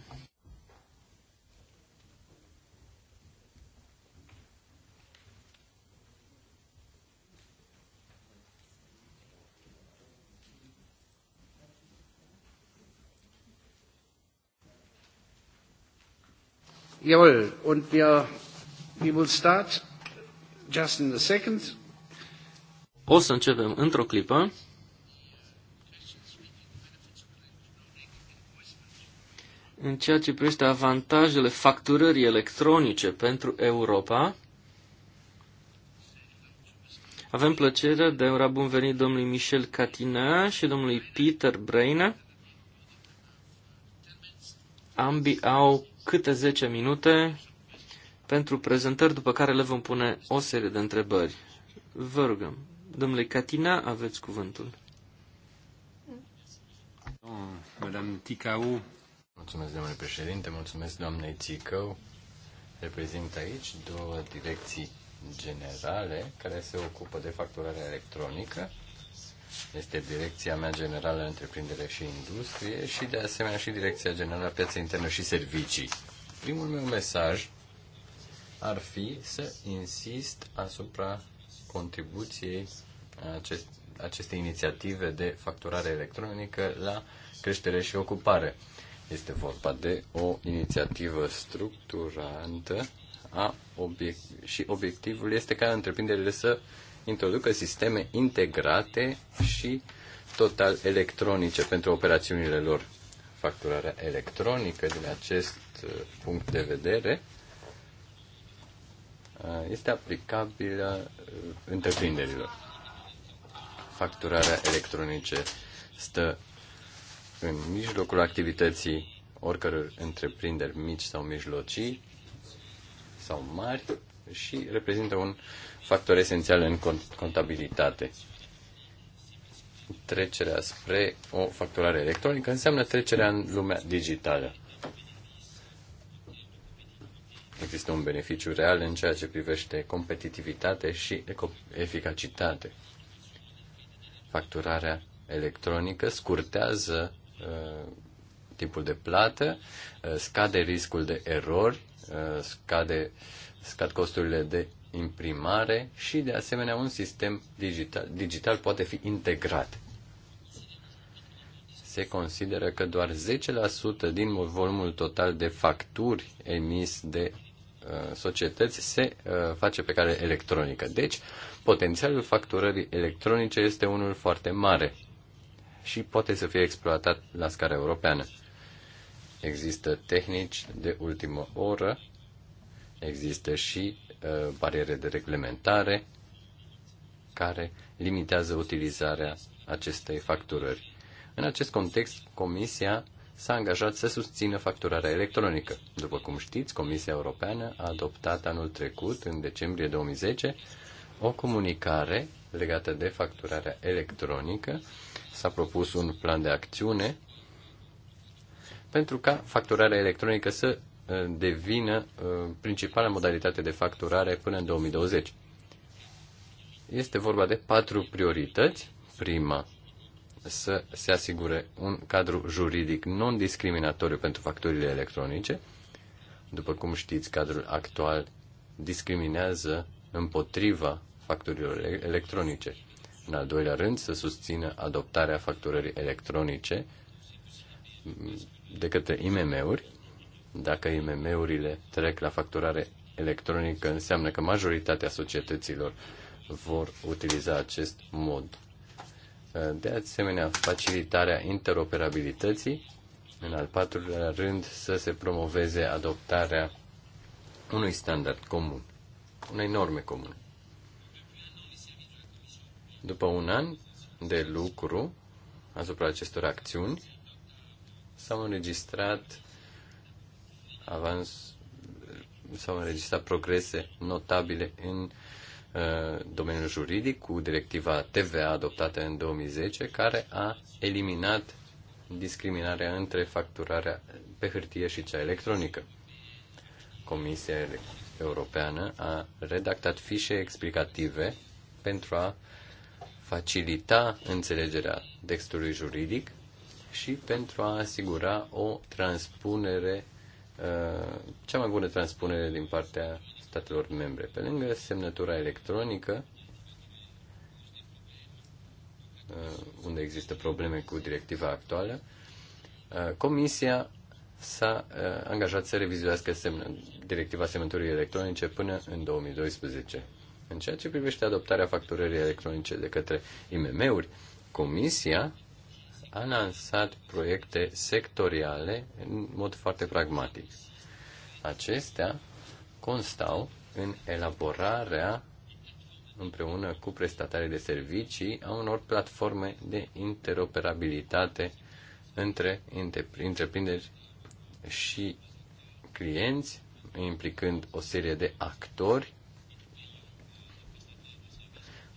Jawohl, und wir, we will start just in a second. O să începem într-o clipă. În ceea ce privește avantajele facturării electronice pentru Europa, avem plăcerea de a bun venit domnului Michel Catina și domnului Peter Breine. Ambii au câte 10 minute pentru prezentări, după care le vom pune o serie de întrebări. Vă rugăm. Domnule Catina, aveți cuvântul. Madame Ticau. Mulțumesc, domnule președinte, mulțumesc, doamnei Țicău. Reprezint aici două direcții generale care se ocupă de facturarea electronică este direcția mea generală întreprindere și industrie și de asemenea și direcția generală piață internă și servicii. Primul meu mesaj ar fi să insist asupra contribuției acest, acestei inițiative de facturare electronică la creștere și ocupare. Este vorba de o inițiativă structurantă a obiect- și obiectivul este ca întreprinderile să introducă sisteme integrate și total electronice pentru operațiunile lor. Facturarea electronică, din acest uh, punct de vedere, uh, este aplicabilă uh, întreprinderilor. Facturarea electronice stă în mijlocul activității oricăror întreprinderi mici sau mijlocii sau mari și reprezintă un factor esențial în contabilitate. Trecerea spre o facturare electronică înseamnă trecerea în lumea digitală. Există un beneficiu real în ceea ce privește competitivitate și eficacitate. Facturarea electronică scurtează uh, timpul de plată, uh, scade riscul de erori, uh, scade scad costurile de imprimare și, de asemenea, un sistem digital, digital poate fi integrat. Se consideră că doar 10% din volumul total de facturi emis de uh, societăți se uh, face pe cale electronică. Deci, potențialul facturării electronice este unul foarte mare și poate să fie exploatat la scară europeană. Există tehnici de ultimă oră există și uh, bariere de reglementare care limitează utilizarea acestei facturări. În acest context, Comisia s-a angajat să susțină facturarea electronică. După cum știți, Comisia Europeană a adoptat anul trecut, în decembrie 2010, o comunicare legată de facturarea electronică. S-a propus un plan de acțiune pentru ca facturarea electronică să Uh, devină uh, principala modalitate de facturare până în 2020. Este vorba de patru priorități. Prima, să se asigure un cadru juridic non-discriminatoriu pentru facturile electronice. După cum știți, cadrul actual discriminează împotriva facturilor electronice. În al doilea rând, să susțină adoptarea facturării electronice mm, de către IMM-uri dacă IMM-urile trec la facturare electronică, înseamnă că majoritatea societăților vor utiliza acest mod. De asemenea, facilitarea interoperabilității, în al patrulea rând, să se promoveze adoptarea unui standard comun, unei norme comune. După un an de lucru asupra acestor acțiuni, s-au înregistrat avans, s-au înregistrat progrese notabile în uh, domeniul juridic cu directiva TVA adoptată în 2010, care a eliminat discriminarea între facturarea pe hârtie și cea electronică. Comisia Europeană a redactat fișe explicative pentru a facilita înțelegerea textului juridic și pentru a asigura o transpunere Uh, cea mai bună transpunere din partea statelor membre. Pe lângă semnătura electronică, uh, unde există probleme cu directiva actuală, uh, Comisia s-a angajat să revizuiască semnă, directiva semnăturii electronice până în 2012. În ceea ce privește adoptarea facturării electronice de către IMM-uri, Comisia a lansat proiecte sectoriale în mod foarte pragmatic. Acestea constau în elaborarea împreună cu prestatarii de servicii a unor platforme de interoperabilitate între întreprinderi și clienți, implicând o serie de actori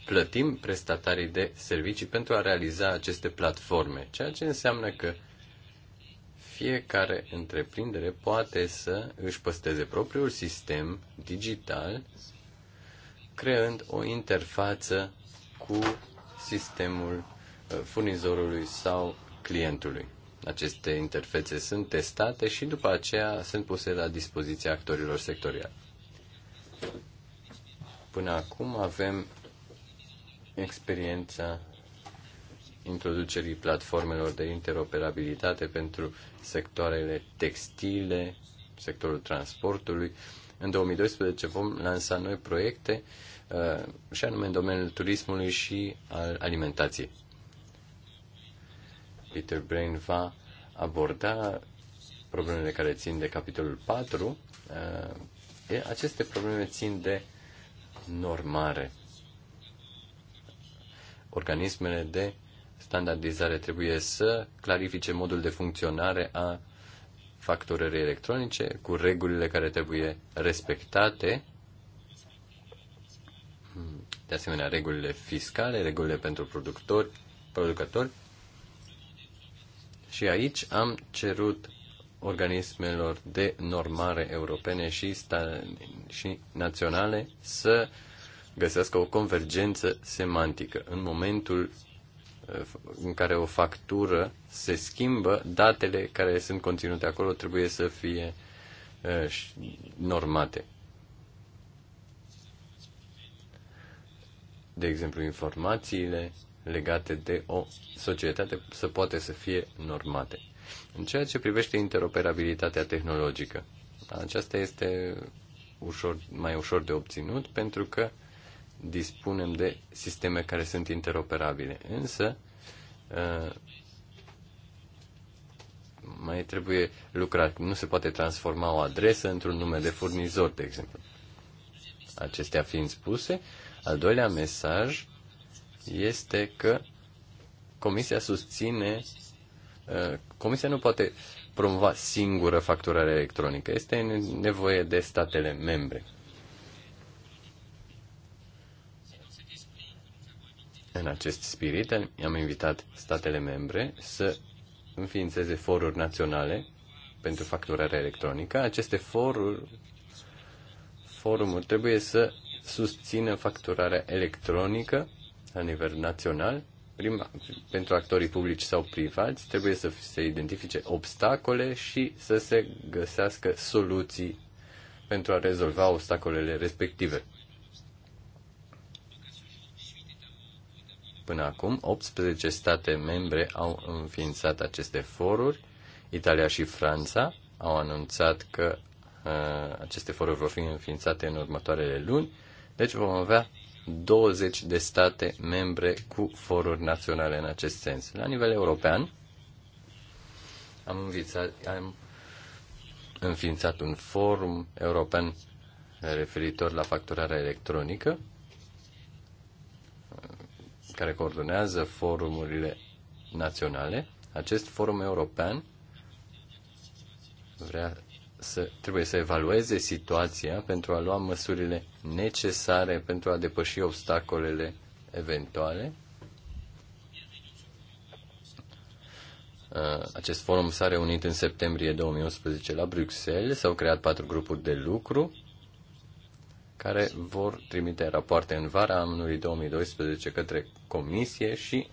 plătim prestatarii de servicii pentru a realiza aceste platforme, ceea ce înseamnă că fiecare întreprindere poate să își păsteze propriul sistem digital, creând o interfață cu sistemul uh, furnizorului sau clientului. Aceste interfețe sunt testate și după aceea sunt puse la dispoziția actorilor sectoriali. Până acum avem experiența introducerii platformelor de interoperabilitate pentru sectoarele textile, sectorul transportului. În 2012 vom lansa noi proiecte uh, și anume în domeniul turismului și al alimentației. Peter Brain va aborda problemele care țin de capitolul 4. Uh, aceste probleme țin de normare organismele de standardizare trebuie să clarifice modul de funcționare a facturării electronice cu regulile care trebuie respectate, de asemenea regulile fiscale, regulile pentru productori, producători. Și aici am cerut organismelor de normare europene și, sta- și naționale să uh, găsească o convergență semantică. În momentul uh, în care o factură se schimbă, datele care sunt conținute acolo trebuie să fie uh, normate. De exemplu, informațiile legate de o societate să poate să fie normate. În ceea ce privește interoperabilitatea tehnologică, aceasta este ușor, mai ușor de obținut pentru că uh, dispunem de sisteme care sunt interoperabile. Însă, uh, mai trebuie lucrat. Nu se poate transforma o adresă într-un nume de furnizor, de exemplu. Acestea fiind spuse, al doilea mesaj este că Comisia susține, uh, Comisia nu poate promova singură facturarea electronică. Este nevoie de statele membre. În acest spirit am invitat statele membre să înființeze foruri naționale pentru facturarea electronică. Aceste foruri, forumuri trebuie să susțină facturarea electronică la nivel național Prima, pentru actorii publici sau privați, trebuie să se identifice obstacole și să se găsească soluții pentru a rezolva obstacolele respective. Până acum, 18 state membre au înființat aceste foruri. Italia și Franța au anunțat că uh, aceste foruri vor fi înființate în următoarele luni, deci vom avea 20 de state membre cu foruri naționale în acest sens. La nivel european, am, învițat, am înființat un forum european referitor la facturarea electronică, care coordonează forumurile naționale, acest forum european vrea să, trebuie să evalueze situația pentru a lua măsurile necesare pentru a depăși obstacolele eventuale. Uh, acest forum s-a reunit în septembrie 2011 la Bruxelles, s-au creat patru grupuri de lucru care vor trimite rapoarte în vara anului 2012 către comisie și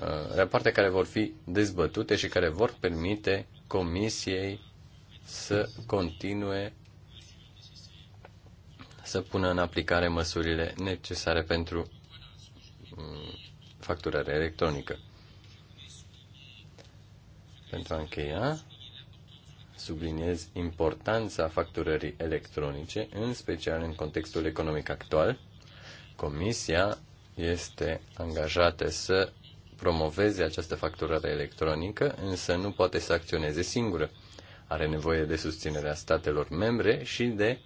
uh, rapoarte care vor fi dezbătute și care vor permite comisiei să continue să pună în aplicare măsurile necesare pentru mm, facturarea electronică. Pentru a încheia, subliniez importanța facturării electronice, în special în contextul economic actual. Comisia este angajată să promoveze această facturare electronică, însă nu poate să acționeze singură. Are nevoie de susținerea statelor membre și de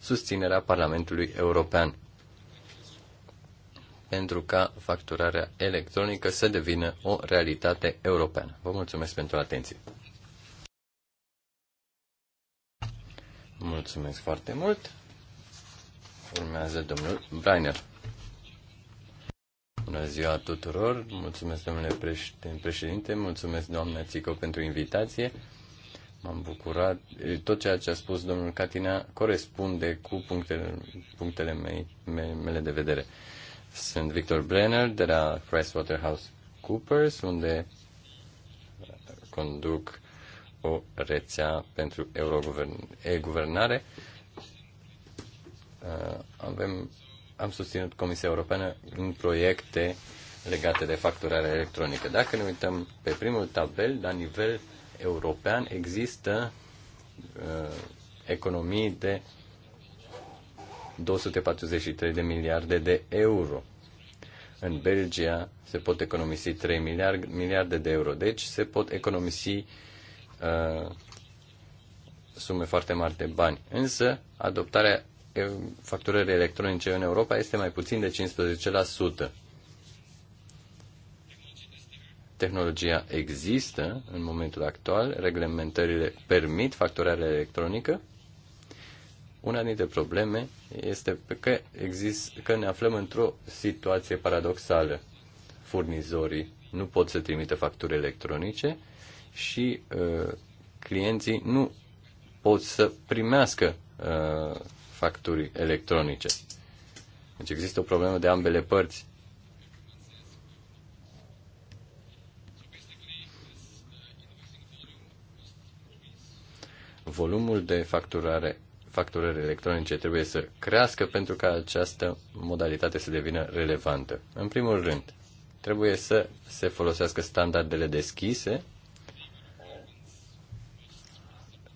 susținerea Parlamentului European pentru ca facturarea electronică să devină o realitate europeană. Vă mulțumesc pentru atenție. Mulțumesc foarte mult. Urmează domnul Brainer. Bună ziua tuturor, mulțumesc domnule președinte, mulțumesc doamna Țico pentru invitație. M-am bucurat. Tot ceea ce a spus domnul Catina corespunde cu punctele, punctele mei, mele de vedere. Sunt Victor Brenner de la PricewaterhouseCoopers, unde conduc o rețea pentru e-guvernare. Uh, avem, am susținut Comisia Europeană în proiecte legate de facturare electronică. Dacă ne uităm pe primul tabel, la nivel european există uh, economii de 243 de miliarde de euro. În Belgia se pot economisi 3 miliarde, miliarde de euro, deci se pot economisi Uh, sume foarte mari de bani. Însă, adoptarea facturării electronice în Europa este mai puțin de 15%. Tehnologia există în momentul actual, reglementările permit facturarea electronică. Una dintre probleme este că, exist, că ne aflăm într-o situație paradoxală. Furnizorii nu pot să trimită facturi electronice, și uh, clienții nu pot să primească uh, facturi electronice. Deci există o problemă de ambele părți. Volumul de facturare, facturări electronice trebuie să crească pentru ca această modalitate să devină relevantă. În primul rând, trebuie să se folosească standardele deschise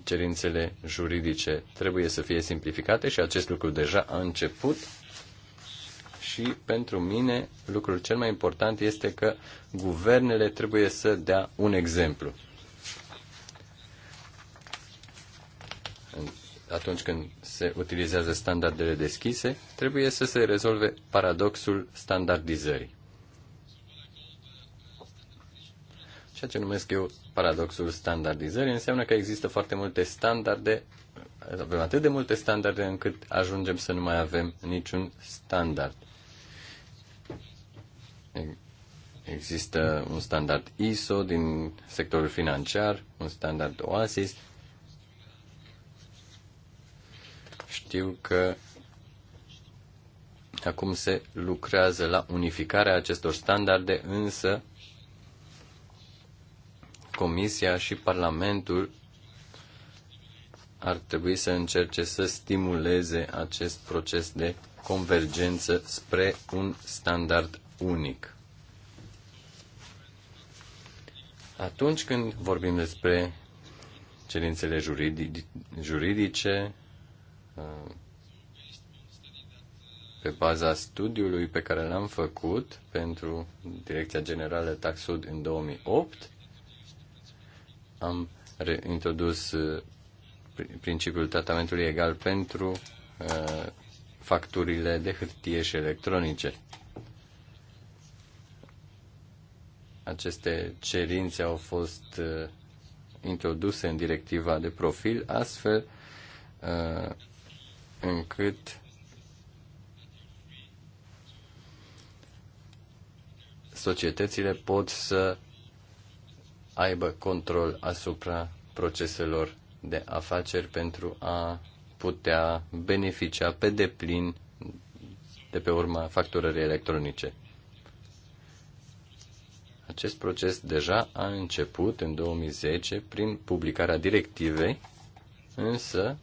cerințele juridice trebuie să fie simplificate și acest lucru deja a început și pentru mine lucrul cel mai important este că guvernele trebuie să dea un exemplu. Atunci când se utilizează standardele deschise, trebuie să se rezolve paradoxul standardizării. Ceea ce numesc eu paradoxul standardizării înseamnă că există foarte multe standarde, avem atât de multe standarde încât ajungem să nu mai avem niciun standard. Există un standard ISO din sectorul financiar, un standard OASIS. Știu că acum se lucrează la unificarea acestor standarde, însă Comisia și Parlamentul ar trebui să încerce să stimuleze acest proces de convergență spre un standard unic. Atunci când vorbim despre cerințele juridice, pe baza studiului pe care l-am făcut pentru Direcția Generală Taxud în 2008, am introdus uh, principiul tratamentului egal pentru uh, facturile de hârtie și electronice. Aceste cerințe au fost uh, introduse în directiva de profil, astfel încât societățile pot să aibă control asupra proceselor de afaceri pentru a putea beneficia pe deplin de pe urma facturării electronice. Acest proces deja a început în 2010 prin publicarea directivei, însă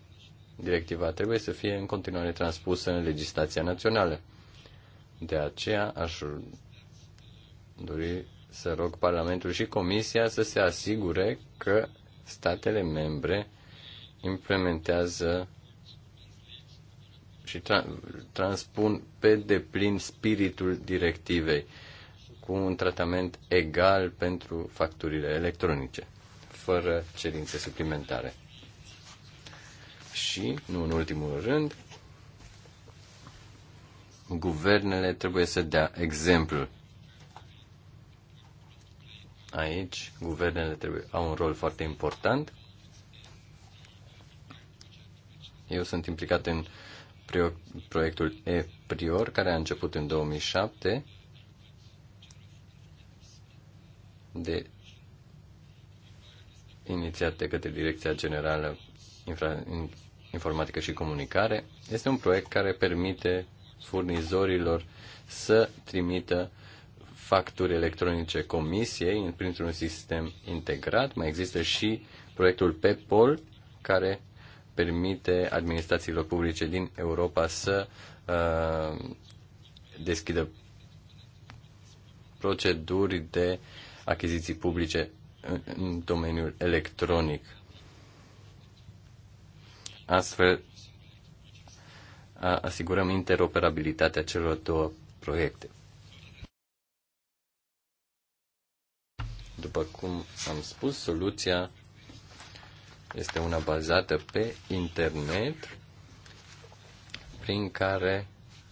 directiva trebuie să fie în continuare transpusă în legislația națională. De aceea aș dori să rog Parlamentul și Comisia să se asigure că statele membre implementează și tra- transpun pe deplin spiritul directivei cu un tratament egal pentru facturile electronice, fără cerințe suplimentare. Și, nu în ultimul rând, guvernele trebuie să dea exemplu. Aici, guvernele trebuie, au un rol foarte important. Eu sunt implicat în proiectul E-Prior, care a început în 2007 de inițiat de către Direcția Generală Infra, Informatică și Comunicare. Este un proiect care permite furnizorilor să trimită facturi electronice comisiei printr-un sistem integrat. Mai există și proiectul PEPOL, care permite administrațiilor publice din Europa să uh, deschidă proceduri de achiziții publice în, în domeniul electronic. Astfel, asigurăm interoperabilitatea celor două proiecte. După cum am spus, soluția este una bazată pe internet, prin care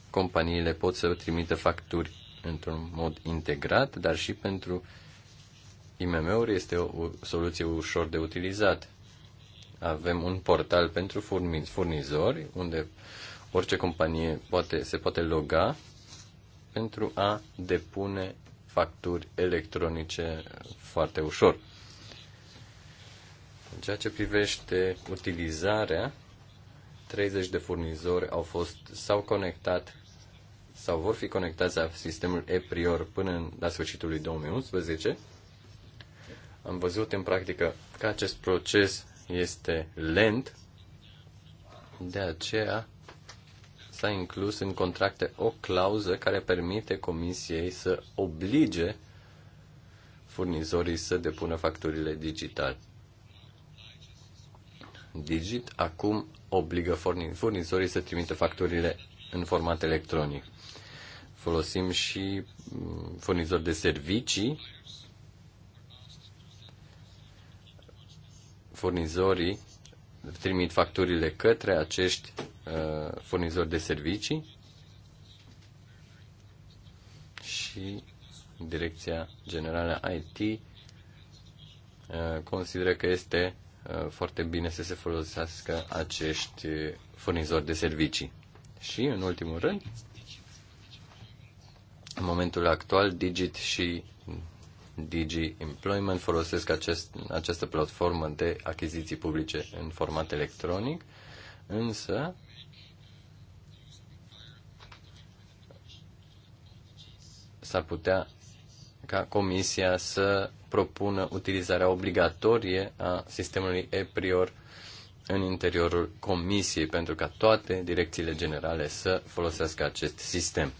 companiile pot să trimită facturi într-un mod integrat, dar și pentru IMM-uri este o soluție ușor de utilizat. Avem un portal pentru furnizori, unde orice companie poate, se poate loga pentru a depune facturi electronice foarte ușor. În ceea ce privește utilizarea, 30 de furnizori au fost sau conectat sau vor fi conectați la sistemul e-prior până în, la sfârșitul lui 2011. Am văzut în practică că acest proces este lent, de aceea s-a inclus în contracte o clauză care permite comisiei să oblige furnizorii să depună facturile digital. Digit acum obligă furnizorii să trimită facturile în format electronic. Folosim și mm, furnizori de servicii. Furnizorii trimit facturile către acești uh, furnizori de servicii și Direcția Generală IT uh, consideră că este uh, foarte bine să se folosească acești furnizori de servicii. Și, în ultimul rând, în momentul actual, Digit și DG Employment folosesc acest, această platformă de achiziții publice în format electronic, însă s-ar putea ca Comisia să propună utilizarea obligatorie a sistemului e-prior în interiorul Comisiei pentru ca toate direcțiile generale să folosească acest sistem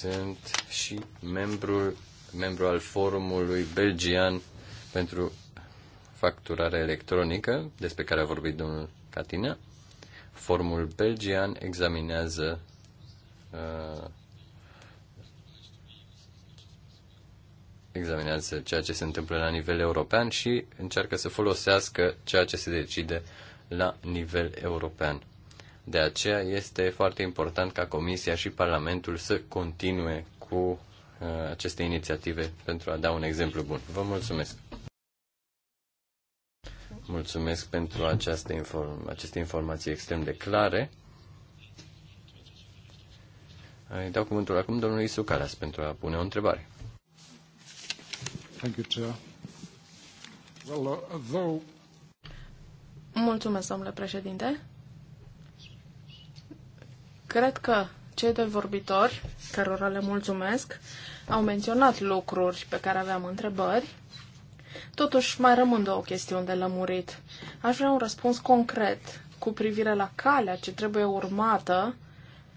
sunt și membrul, membru al forumului belgian pentru facturare electronică, despre care a vorbit domnul Catina. Formul belgian examinează uh, examinează ceea ce se întâmplă la nivel european și încearcă să folosească ceea ce se decide la nivel european. De aceea este foarte important ca Comisia și Parlamentul să continue cu uh, aceste inițiative pentru a da un exemplu bun. Vă mulțumesc! Mulțumesc pentru această inform- aceste informații extrem de clare. Îi dau cuvântul acum domnului Sucaras pentru a pune o întrebare. Thank you, Chair. Well, uh, though... Mulțumesc, domnule președinte. Cred că cei doi vorbitori, cărora le mulțumesc, au menționat lucruri pe care aveam întrebări. Totuși, mai rămân două chestiuni de lămurit. Aș vrea un răspuns concret cu privire la calea ce trebuie urmată,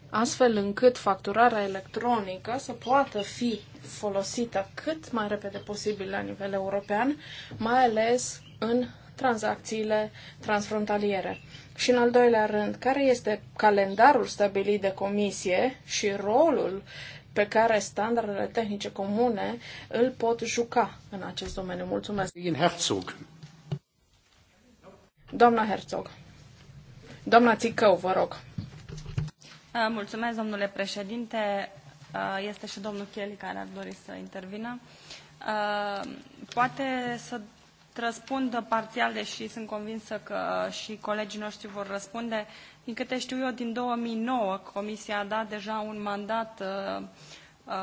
astfel încât facturarea electronică să poată fi folosită cât mai repede posibil la nivel european, mai ales în tranzacțiile transfrontaliere. Și în al doilea rând, care este calendarul stabilit de comisie și rolul pe care standardele tehnice comune îl pot juca în acest domeniu? Mulțumesc! Herzog. Doamna Herzog. Doamna Țicău, vă rog. Uh, mulțumesc, domnule președinte. Uh, este și domnul Kelly care ar dori să intervină. Uh, poate să răspund parțial, deși sunt convinsă că și colegii noștri vor răspunde. Din câte știu eu, din 2009 Comisia a dat deja un mandat uh, uh,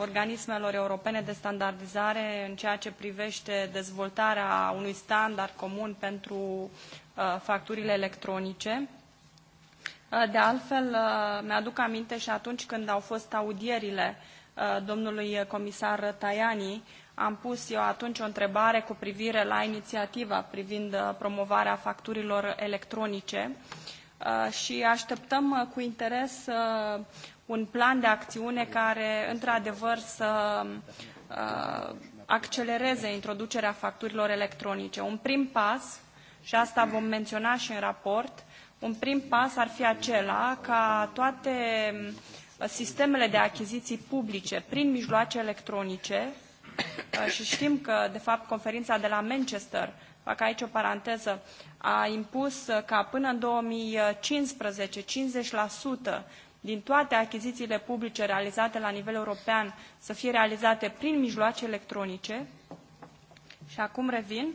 organismelor europene de standardizare în ceea ce privește dezvoltarea unui standard comun pentru uh, facturile electronice. Uh, de altfel, uh, mi-aduc aminte și atunci când au fost audierile uh, domnului comisar Tajani, am pus eu atunci o întrebare cu privire la inițiativa privind uh, promovarea facturilor electronice uh, și așteptăm uh, cu interes un plan de acțiune care, într-adevăr, să accelereze introducerea facturilor electronice. Un prim pas, și asta vom menționa și în raport, un prim pas ar fi acela ca toate sistemele de achiziții publice prin mijloace electronice Uh, și știm că, de fapt, conferința de la Manchester, fac aici o paranteză, a impus ca până în 2015 50% din toate achizițiile publice realizate la nivel european să fie realizate prin mijloace electronice. Și acum revin.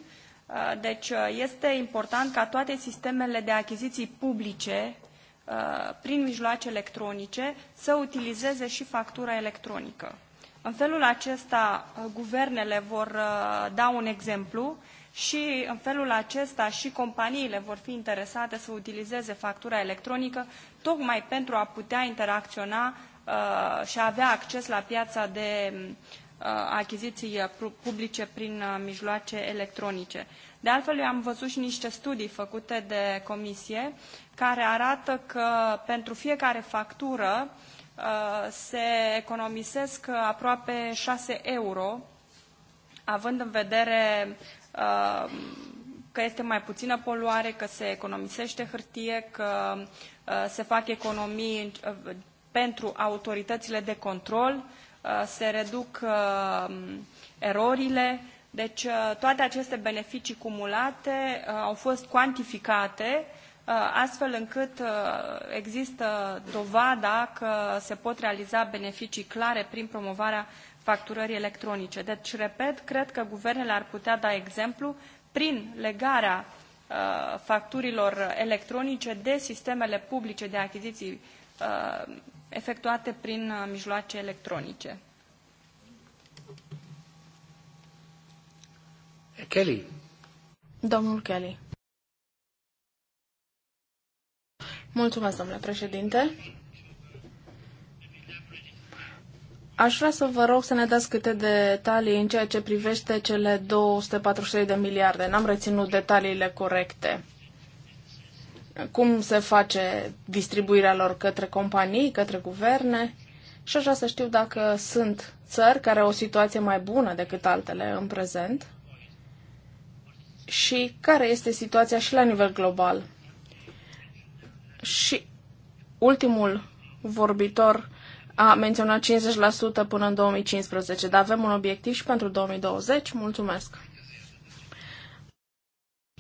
Uh, deci uh, este important ca toate sistemele de achiziții publice prin mijloace electronice să utilizeze și factura electronică. În felul acesta, uh, guvernele vor uh, da un exemplu și în felul acesta și companiile vor fi interesate să utilizeze factura electronică tocmai pentru a putea interacționa uh, și a avea acces la piața de achiziții publice prin mijloace electronice. De altfel, eu am văzut și niște studii făcute de comisie care arată că pentru fiecare factură Uh, se economisesc aproape 6 euro, având în vedere uh, că este mai puțină poluare, că se economisește hârtie, că uh, se fac economii pentru autoritățile de control, se reduc erorile. Deci toate aceste beneficii cumulate au fost cuantificate Uh, astfel încât uh, există dovada că se pot realiza beneficii clare prin promovarea facturării electronice. Deci, repet, cred că guvernele ar putea da exemplu prin legarea uh, facturilor electronice de sistemele publice de achiziții efectuate prin mijloace electronice. Kelly. Domnul Kelly. Mulțumesc, domnule președinte. Aș vrea să vă rog să ne dați câte detalii în ceea ce privește cele 243 de miliarde. N-am reținut detaliile corecte. Cum se face distribuirea lor către companii, către guverne? Și aș vrea să știu dacă sunt țări care au o situație mai bună decât altele în prezent și care este situația și la nivel global și ultimul vorbitor a menționat 50% până în 2015, dar avem un obiectiv și pentru 2020. Mulțumesc!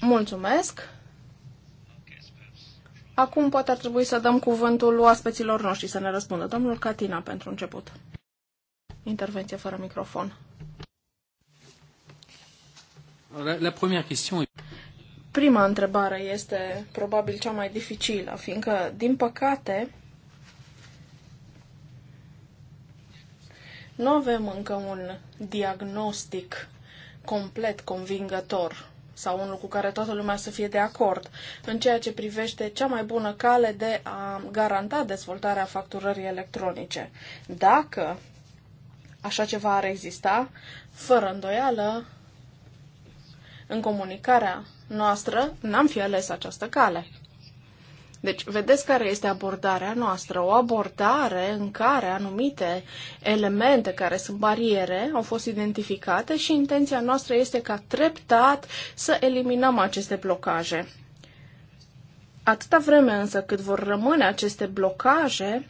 Mulțumesc! Acum poate ar trebui să dăm cuvântul oaspeților noștri să ne răspundă. Domnul Catina, pentru început. Intervenție fără microfon. La, la première question prima întrebare este probabil cea mai dificilă, fiindcă, din păcate, nu avem încă un diagnostic complet convingător sau unul cu care toată lumea să fie de acord în ceea ce privește cea mai bună cale de a garanta dezvoltarea facturării electronice. Dacă așa ceva ar exista, fără îndoială, în comunicarea noastră, n-am fi ales această cale. Deci, vedeți care este abordarea noastră. O abordare în care anumite elemente care sunt bariere au fost identificate și intenția noastră este ca treptat să eliminăm aceste blocaje. Atâta vreme însă cât vor rămâne aceste blocaje,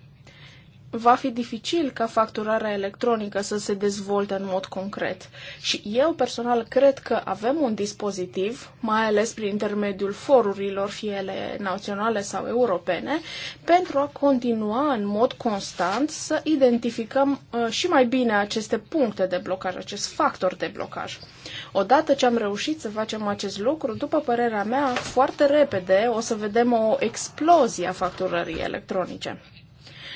va fi dificil ca facturarea electronică să se dezvolte în mod concret. Și eu personal cred că avem un dispozitiv, mai ales prin intermediul forurilor, fie ele naționale sau europene, pentru a continua în mod constant să identificăm uh, și mai bine aceste puncte de blocaj, acest factor de blocaj. Odată ce am reușit să facem acest lucru, după părerea mea, foarte repede o să vedem o explozie a facturării electronice.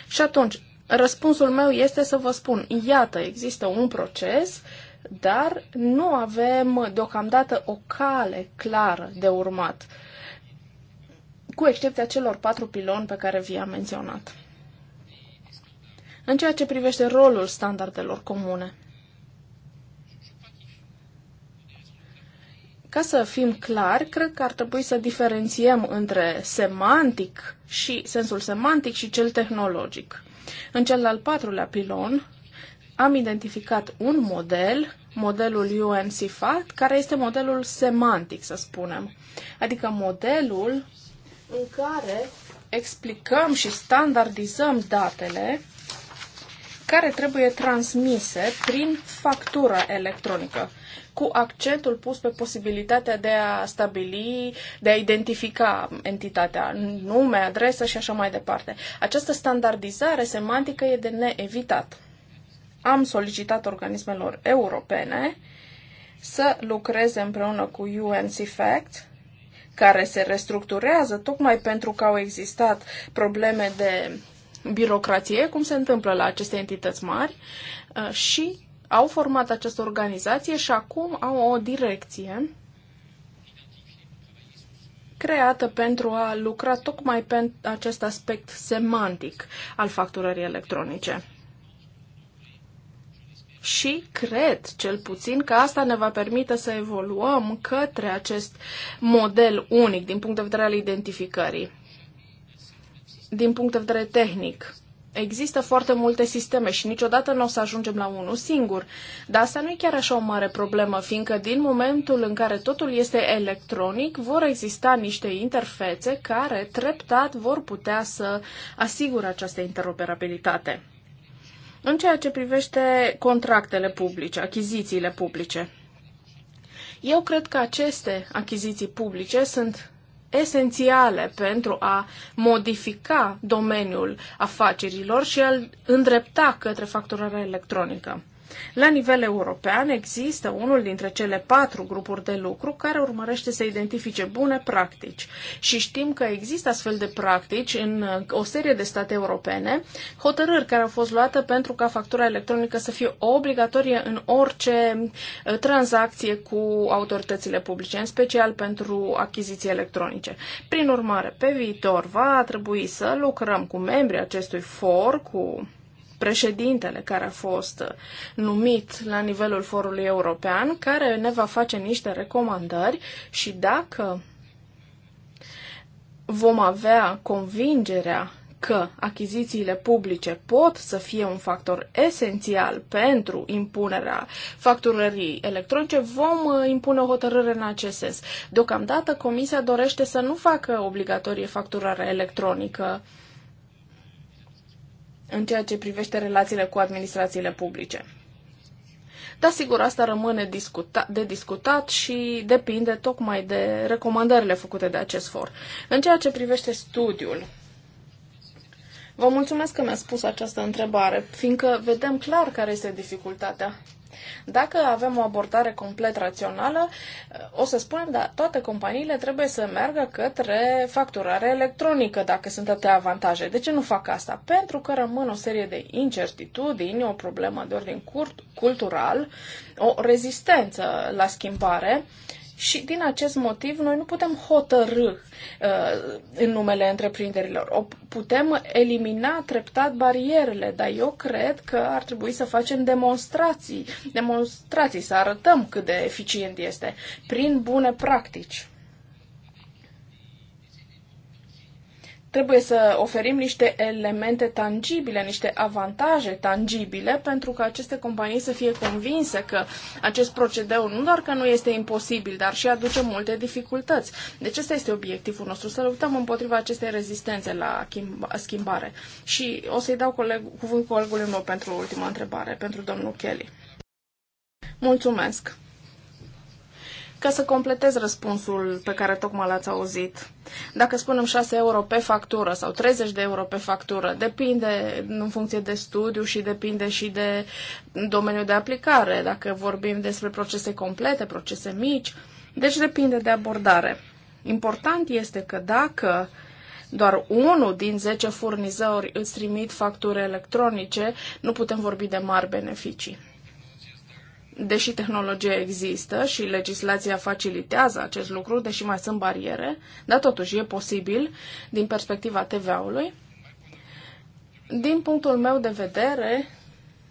Și atunci, răspunsul meu este să vă spun, iată, există un proces, dar nu avem deocamdată o cale clară de urmat, cu excepția celor patru piloni pe care vi-am menționat. În ceea ce privește rolul standardelor comune, Ca să fim clari, cred că ar trebui să diferențiem între semantic și sensul semantic și cel tehnologic. În cel al patrulea pilon am identificat un model, modelul UNCFAT, care este modelul semantic, să spunem. Adică modelul în care explicăm și standardizăm datele care trebuie transmise prin factură electronică cu accentul pus pe posibilitatea de a stabili, de a identifica entitatea, nume, adresă și așa mai departe. Această standardizare semantică e de neevitat. Am solicitat organismelor europene să lucreze împreună cu UNCFACT, care se restructurează tocmai pentru că au existat probleme de birocrație, cum se întâmplă la aceste entități mari, uh, și au format această organizație și acum au o direcție creată pentru a lucra tocmai pe acest aspect semantic al facturării electronice. Și cred, cel puțin, că asta ne va permite să evoluăm către acest model unic din punct de vedere al identificării. Din punct de vedere tehnic, Există foarte multe sisteme și niciodată nu o să ajungem la unul singur. Dar asta nu e chiar așa o mare problemă, fiindcă din momentul în care totul este electronic, vor exista niște interfețe care treptat vor putea să asigure această interoperabilitate. În ceea ce privește contractele publice, achizițiile publice, eu cred că aceste achiziții publice sunt esențiale pentru a modifica domeniul afacerilor și a îndrepta către facturarea electronică. La nivel european există unul dintre cele patru grupuri de lucru care urmărește să identifice bune practici și știm că există astfel de practici în uh, o serie de state europene, hotărâri care au fost luate pentru ca factura electronică să fie obligatorie în orice uh, tranzacție cu autoritățile publice, în special pentru achiziții electronice. Prin urmare, pe viitor va trebui să lucrăm cu membrii acestui for, cu președintele care a fost numit la nivelul forului european, care ne va face niște recomandări și dacă vom avea convingerea că achizițiile publice pot să fie un factor esențial pentru impunerea facturării electronice, vom uh, impune o hotărâre în acest sens. Deocamdată, Comisia dorește să nu facă obligatorie facturarea electronică uh, în ceea ce privește relațiile cu administrațiile publice. Da, sigur, asta rămâne discuta- de discutat și depinde tocmai de recomandările făcute de acest for. În ceea ce privește studiul, vă mulțumesc că mi-a spus această întrebare, fiindcă vedem clar care este dificultatea dacă avem o abordare complet rațională, eh, o să spunem, da, toate companiile trebuie să meargă către facturare electronică dacă sunt atâtea avantaje. De ce nu fac asta? Pentru că rămân o serie de incertitudini, o problemă de ordin cult- cultural, o rezistență la schimbare și din acest motiv noi nu putem hotărâ uh, în numele întreprinderilor. O putem elimina treptat barierele, dar eu cred că ar trebui să facem demonstrații, demonstrații, să arătăm cât de eficient este, prin bune practici. Trebuie să oferim niște elemente tangibile, niște avantaje tangibile pentru că aceste companii să fie convinse că acest procedeu nu doar că nu este imposibil, dar și aduce multe dificultăți. Deci acesta este obiectivul nostru, să luptăm împotriva acestei rezistențe la schimbare. Și o să-i dau coleg, cuvântul colegului meu pentru ultima întrebare, pentru domnul Kelly. Mulțumesc! Ca să completez răspunsul pe care tocmai l-ați auzit, dacă spunem 6 euro pe factură sau 30 de euro pe factură, depinde în funcție de studiu și depinde și de domeniul de aplicare, dacă vorbim despre procese complete, procese mici, deci depinde de abordare. Important este că dacă doar unul din 10 furnizori îți trimit facturi electronice, nu putem vorbi de mari beneficii deși tehnologia există și legislația facilitează acest lucru, deși mai sunt bariere, dar totuși e posibil din perspectiva TVA-ului. Din punctul meu de vedere,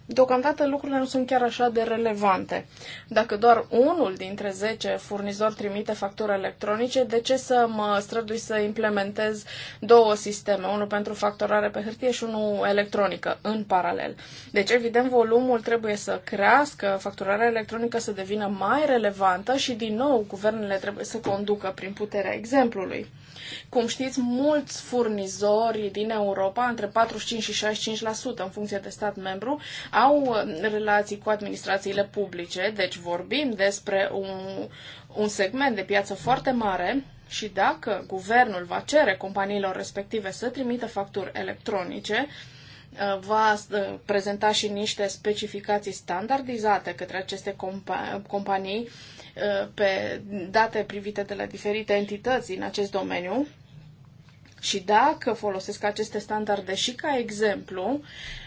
Deocamdată lucrurile nu sunt chiar așa de relevante. Dacă doar unul dintre 10 furnizori trimite facturi electronice, de ce să mă strădui să implementez două sisteme, unul pentru factorare pe hârtie și unul electronică, în paralel? Deci, evident, volumul trebuie să crească, facturarea electronică să devină mai relevantă și, din nou, guvernele trebuie să conducă prin puterea exemplului. Cum știți, mulți furnizori din Europa, între 45 și 65% în funcție de stat membru, au uh, relații cu administrațiile publice, deci vorbim despre un, un segment de piață foarte mare și dacă guvernul va cere companiilor respective să trimită facturi electronice, uh, va uh, prezenta și niște specificații standardizate către aceste compa companii Uh, pe date privite de la diferite entități în acest domeniu. Și dacă folosesc aceste standarde și ca exemplu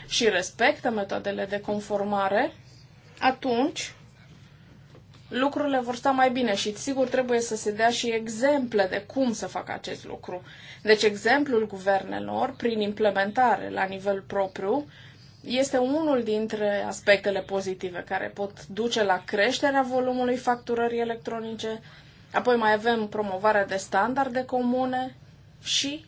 și respectă metodele de conformare, atunci lucrurile vor sta mai bine și sigur trebuie să se dea și exemple de cum să facă acest lucru. Deci exemplul guvernelor prin implementare la nivel propriu este unul dintre aspectele pozitive care pot duce la creșterea volumului facturării electronice. Apoi mai avem promovarea de standarde comune și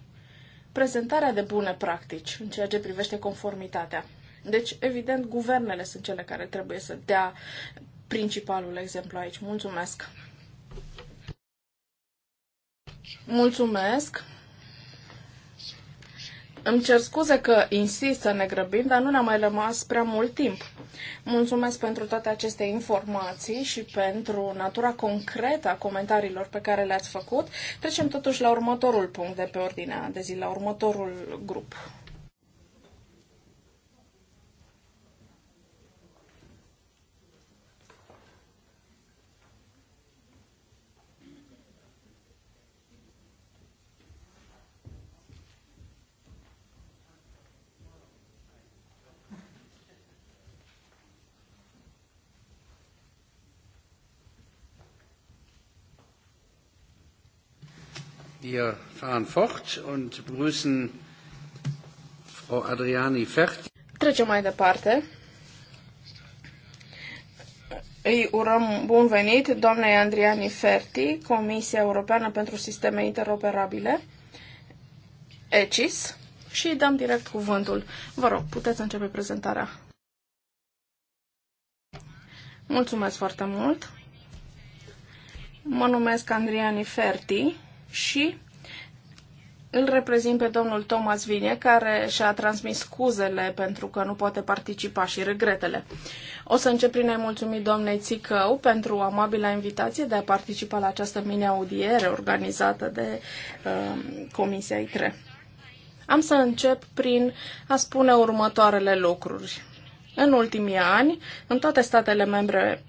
prezentarea de bune practici în ceea ce privește conformitatea. Deci, evident, guvernele sunt cele care trebuie să dea principalul exemplu aici. Mulțumesc! Mulțumesc! Îmi cer scuze că insist să ne grăbim, dar nu ne-a mai rămas prea mult timp. Mulțumesc pentru toate aceste informații și pentru natura concretă a comentariilor pe care le-ați făcut. Trecem totuși la următorul punct de pe ordinea de zi, la următorul grup Wir fahren fort und begrüßen Frau Adriani Fert. Trecem mai departe. Îi urăm bun venit doamnei Andriani Ferti, Comisia Europeană pentru Sisteme Interoperabile, ECIS, și îi dăm direct cuvântul. Vă rog, puteți începe prezentarea. Mulțumesc foarte mult! Mă numesc Andriani Ferti, și îl reprezint pe domnul Thomas Vine, care și-a transmis scuzele pentru că nu poate participa și regretele. O să încep prin a-i mulțumi doamnei Țicău pentru amabila invitație de a participa la această mini-audiere organizată de uh, Comisia ITRE. Am să încep prin a spune următoarele lucruri. În ultimii ani, în toate statele membre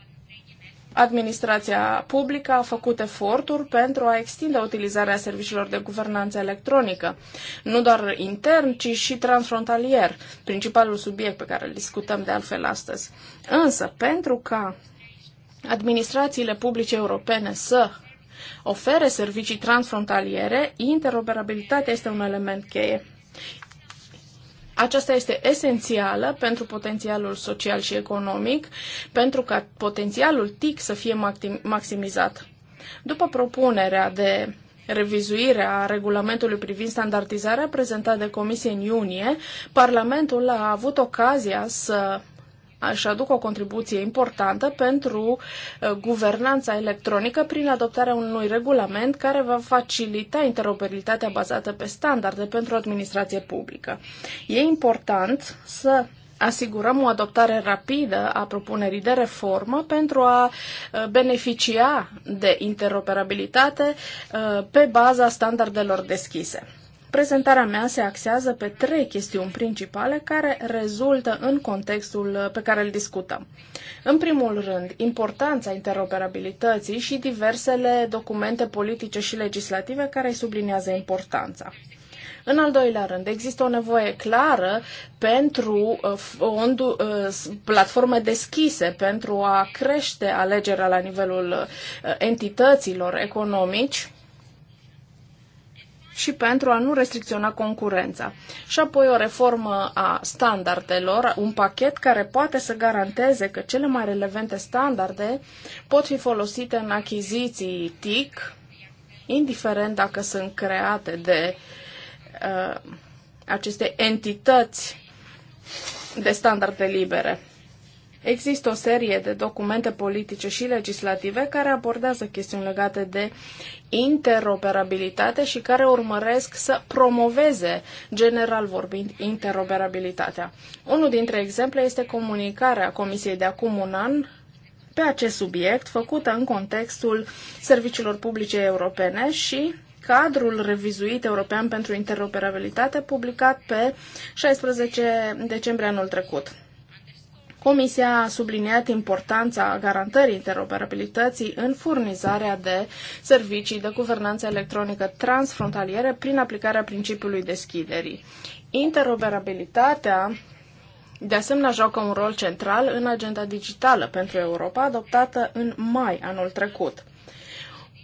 Administrația publică a făcut eforturi pentru a extinde utilizarea serviciilor de guvernanță electronică, nu doar intern, ci și transfrontalier, principalul subiect pe care îl discutăm de altfel astăzi. Însă, pentru ca administrațiile publice europene să ofere servicii transfrontaliere, interoperabilitatea este un element cheie. Aceasta este esențială pentru potențialul social și economic, pentru ca potențialul TIC să fie maximizat. După propunerea de revizuire a regulamentului privind standardizarea prezentată de Comisie în iunie, Parlamentul a avut ocazia să își aduc o contribuție importantă pentru uh, guvernanța electronică prin adoptarea unui regulament care va facilita interoperabilitatea bazată pe standarde pentru administrație publică. E important să asigurăm o adoptare rapidă a propunerii de reformă pentru a uh, beneficia de interoperabilitate uh, pe baza standardelor deschise. Prezentarea mea se axează pe trei chestiuni principale care rezultă în contextul uh, pe care îl discutăm. În primul rând, importanța interoperabilității și diversele documente politice și legislative care îi sublinează importanța. În al doilea rând, există o nevoie clară pentru uh, uh, platforme deschise pentru a crește alegerea la nivelul entităților economici și pentru a nu restricționa concurența. Și apoi o reformă a standardelor, un pachet care poate să garanteze că cele mai relevante standarde pot fi folosite în achiziții TIC, indiferent dacă sunt create de uh, aceste entități de standarde libere. Există o serie de documente politice și legislative care abordează chestiuni legate de interoperabilitate și care urmăresc să promoveze, general vorbind, interoperabilitatea. Unul dintre exemple este comunicarea Comisiei de acum un an pe acest subiect, făcută în contextul serviciilor publice europene și cadrul revizuit european pentru interoperabilitate, publicat pe 16 decembrie anul trecut. Comisia a subliniat importanța garantării interoperabilității în furnizarea de servicii de guvernanță electronică transfrontaliere prin aplicarea principiului deschiderii. Interoperabilitatea de asemenea, joacă un rol central în agenda digitală pentru Europa, adoptată în mai anul trecut.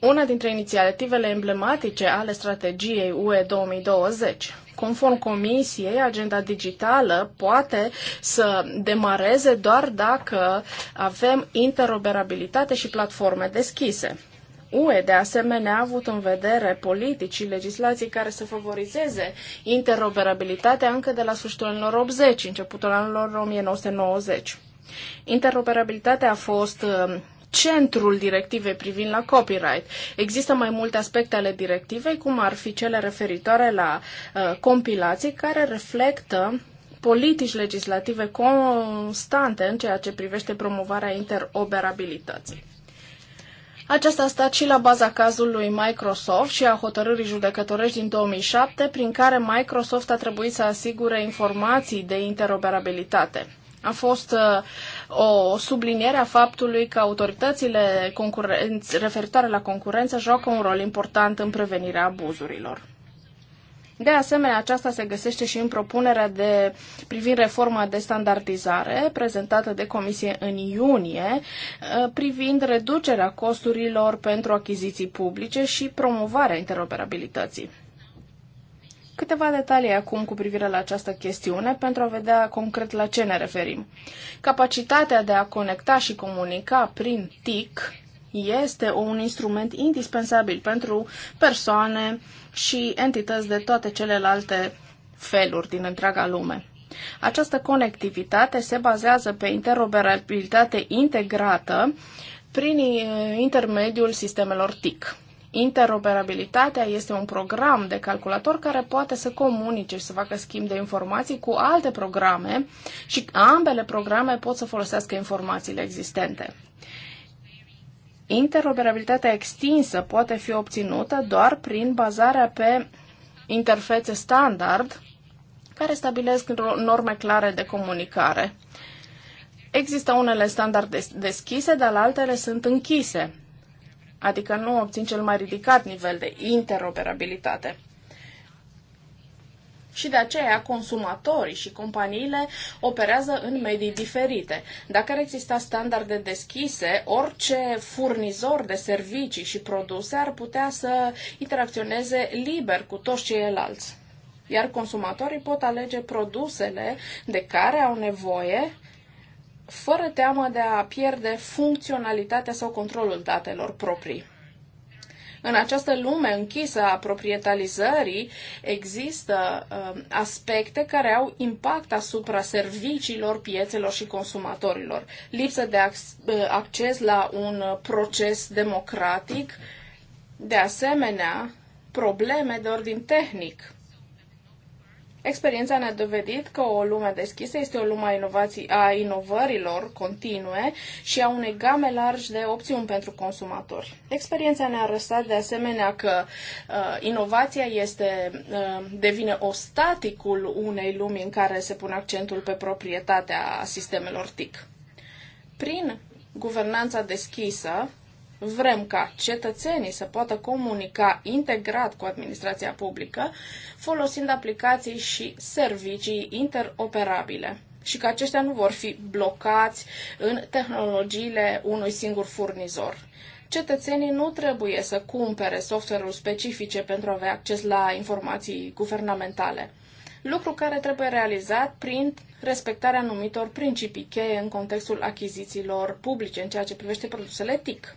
Una dintre inițiativele emblematice ale strategiei UE 2020. Conform Comisiei, agenda digitală poate să demareze doar dacă avem interoperabilitate și platforme deschise. UE, de asemenea, a avut în vedere politici și legislații care să favorizeze interoperabilitatea încă de la sfârșitul anilor 80, începutul anilor 1990. Interoperabilitatea a fost centrul directivei privind la copyright. Există mai multe aspecte ale directivei, cum ar fi cele referitoare la uh, compilații, care reflectă politici legislative constante în ceea ce privește promovarea interoperabilității. Aceasta a stat și la baza cazului Microsoft și a hotărârii judecătorești din 2007, prin care Microsoft a trebuit să asigure informații de interoperabilitate. A fost uh, o subliniere a faptului că autoritățile referitoare la concurență joacă un rol important în prevenirea abuzurilor. De asemenea, aceasta se găsește și în propunerea de privind reforma de standardizare prezentată de Comisie în iunie, ă, privind reducerea costurilor pentru achiziții publice și promovarea interoperabilității. Câteva detalii acum cu privire la această chestiune pentru a vedea concret la ce ne referim. Capacitatea de a conecta și comunica prin TIC este un instrument indispensabil pentru persoane și entități de toate celelalte feluri din întreaga lume. Această conectivitate se bazează pe interoperabilitate integrată prin intermediul sistemelor TIC. Interoperabilitatea este un program de calculator care poate să comunice și să facă schimb de informații cu alte programe și ambele programe pot să folosească informațiile existente. Interoperabilitatea extinsă poate fi obținută doar prin bazarea pe interfețe standard care stabilesc norme clare de comunicare. Există unele standarde deschise, dar altele sunt închise adică nu obțin cel mai ridicat nivel de interoperabilitate. Și de aceea consumatorii și companiile operează în medii diferite. Dacă ar exista standarde deschise, orice furnizor de servicii și produse ar putea să interacționeze liber cu toți ceilalți. Iar consumatorii pot alege produsele de care au nevoie fără teamă de a pierde funcționalitatea sau controlul datelor proprii. În această lume închisă a proprietarizării există uh, aspecte care au impact asupra serviciilor, piețelor și consumatorilor. Lipsă de ac- uh, acces la un proces democratic, de asemenea, probleme de ordin tehnic Experiența ne-a dovedit că o lume deschisă este o lume a, inovații, a inovărilor continue și a unei game largi de opțiuni pentru consumatori. Experiența ne-a arătat de asemenea că uh, inovația este, uh, devine ostaticul unei lumi în care se pune accentul pe proprietatea sistemelor TIC. Prin guvernanța deschisă, vrem ca cetățenii să poată comunica integrat cu administrația publică, folosind aplicații și servicii interoperabile și că aceștia nu vor fi blocați în tehnologiile unui singur furnizor. Cetățenii nu trebuie să cumpere software ul specifice pentru a avea acces la informații guvernamentale, lucru care trebuie realizat prin respectarea anumitor principii cheie în contextul achizițiilor publice în ceea ce privește produsele TIC.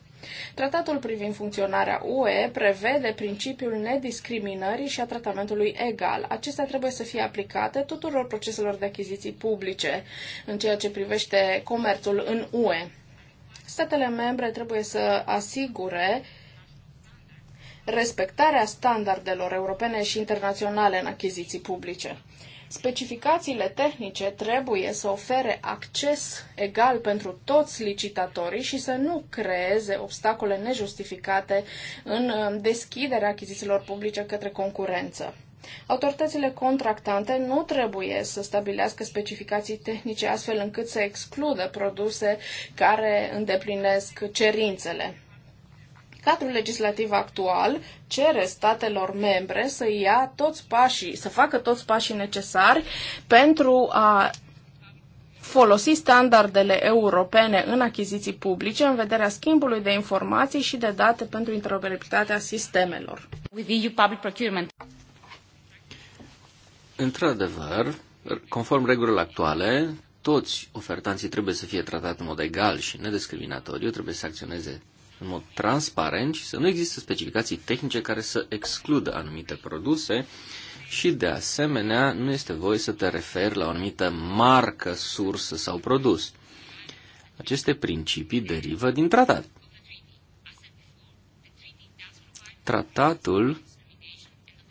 Tratatul privind funcționarea UE prevede principiul nediscriminării și a tratamentului egal. Acestea trebuie să fie aplicate tuturor proceselor de achiziții publice în ceea ce privește comerțul în UE. Statele membre trebuie să asigure respectarea standardelor europene și internaționale în achiziții publice. Specificațiile tehnice trebuie să ofere acces egal pentru toți licitatorii și să nu creeze obstacole nejustificate în uh, deschiderea achizițiilor publice către concurență. Autoritățile contractante nu trebuie să stabilească specificații tehnice astfel încât să excludă produse care îndeplinesc cerințele. Cadrul legislativ actual cere statelor membre să ia toți pașii, să facă toți pașii necesari pentru a folosi standardele europene în achiziții publice în vederea schimbului de informații și de date pentru interoperabilitatea sistemelor. Într-adevăr, conform regulilor actuale, toți ofertanții trebuie să fie tratați în mod egal și nediscriminatoriu, trebuie să acționeze în mod transparent și să nu există specificații tehnice care să excludă anumite produse și de asemenea nu este voie să te referi la o anumită marcă, sursă sau produs. Aceste principii derivă din tratat. Tratatul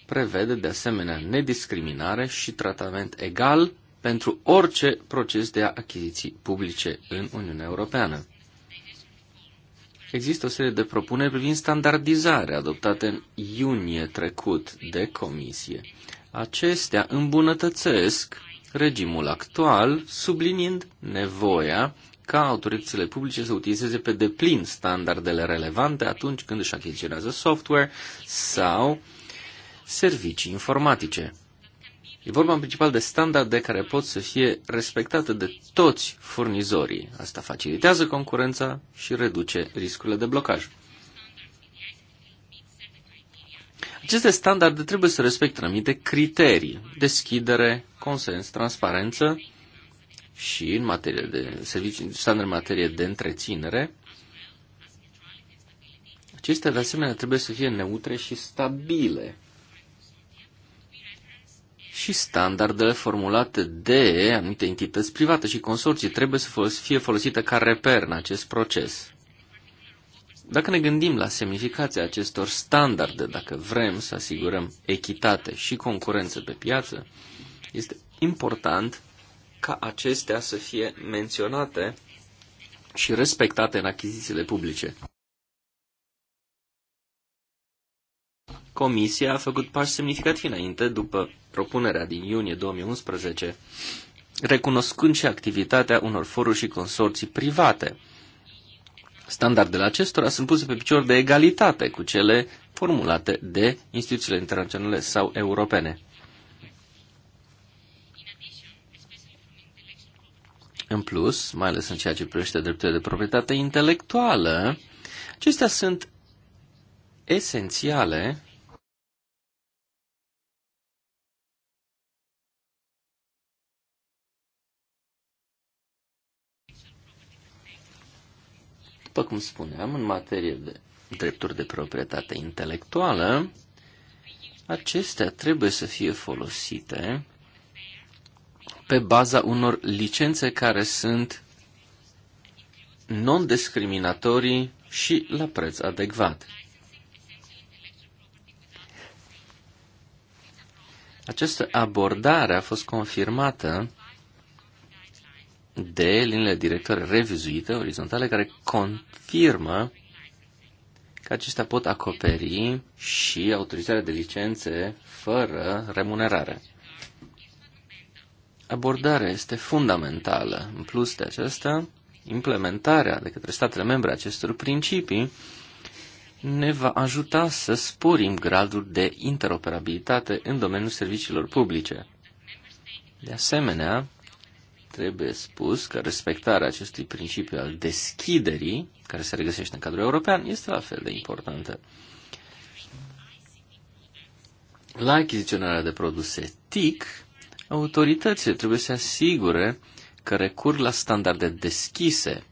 prevede de asemenea nediscriminare și tratament egal pentru orice proces de achiziții publice în Uniunea Europeană. Există o serie de propuneri privind standardizare adoptate în iunie trecut de comisie. Acestea îmbunătățesc regimul actual, subliniind nevoia ca autoritățile publice să utilizeze pe deplin standardele relevante atunci când își achiziționează software sau servicii informatice. E vorba în principal de standarde care pot să fie respectate de toți furnizorii. Asta facilitează concurența și reduce riscurile de blocaj. Aceste standarde trebuie să respecte anumite criterii, deschidere, consens, transparență și în materie de servicii, standarde în materie de întreținere. Acestea, de asemenea, trebuie să fie neutre și stabile și standardele formulate de anumite entități private și consorții trebuie să fie folosite ca reper în acest proces. Dacă ne gândim la semnificația acestor standarde, dacă vrem să asigurăm echitate și concurență pe piață, este important ca acestea să fie menționate și respectate în achizițiile publice. Comisia a făcut pași semnificativi înainte, după propunerea din iunie 2011, recunoscând și activitatea unor foruri și consorții private. Standardele acestora sunt puse pe picior de egalitate cu cele formulate de instituțiile internaționale sau europene. În plus, mai ales în ceea ce privește drepturile de proprietate intelectuală, acestea sunt esențiale După cum spuneam, în materie de drepturi de proprietate intelectuală, acestea trebuie să fie folosite pe baza unor licențe care sunt non-discriminatorii și la preț adecvat. Această abordare a fost confirmată de liniile directoare revizuite, orizontale, care confirmă că acestea pot acoperi și autorizarea de licențe fără remunerare. Abordarea este fundamentală. În plus de aceasta, implementarea de către statele membre acestor principii ne va ajuta să sporim gradul de interoperabilitate în domeniul serviciilor publice. De asemenea, trebuie spus că respectarea acestui principiu al deschiderii, care se regăsește în cadrul european, este la fel de importantă. La achiziționarea de produse TIC, autoritățile trebuie să asigure că recurg la standarde deschise.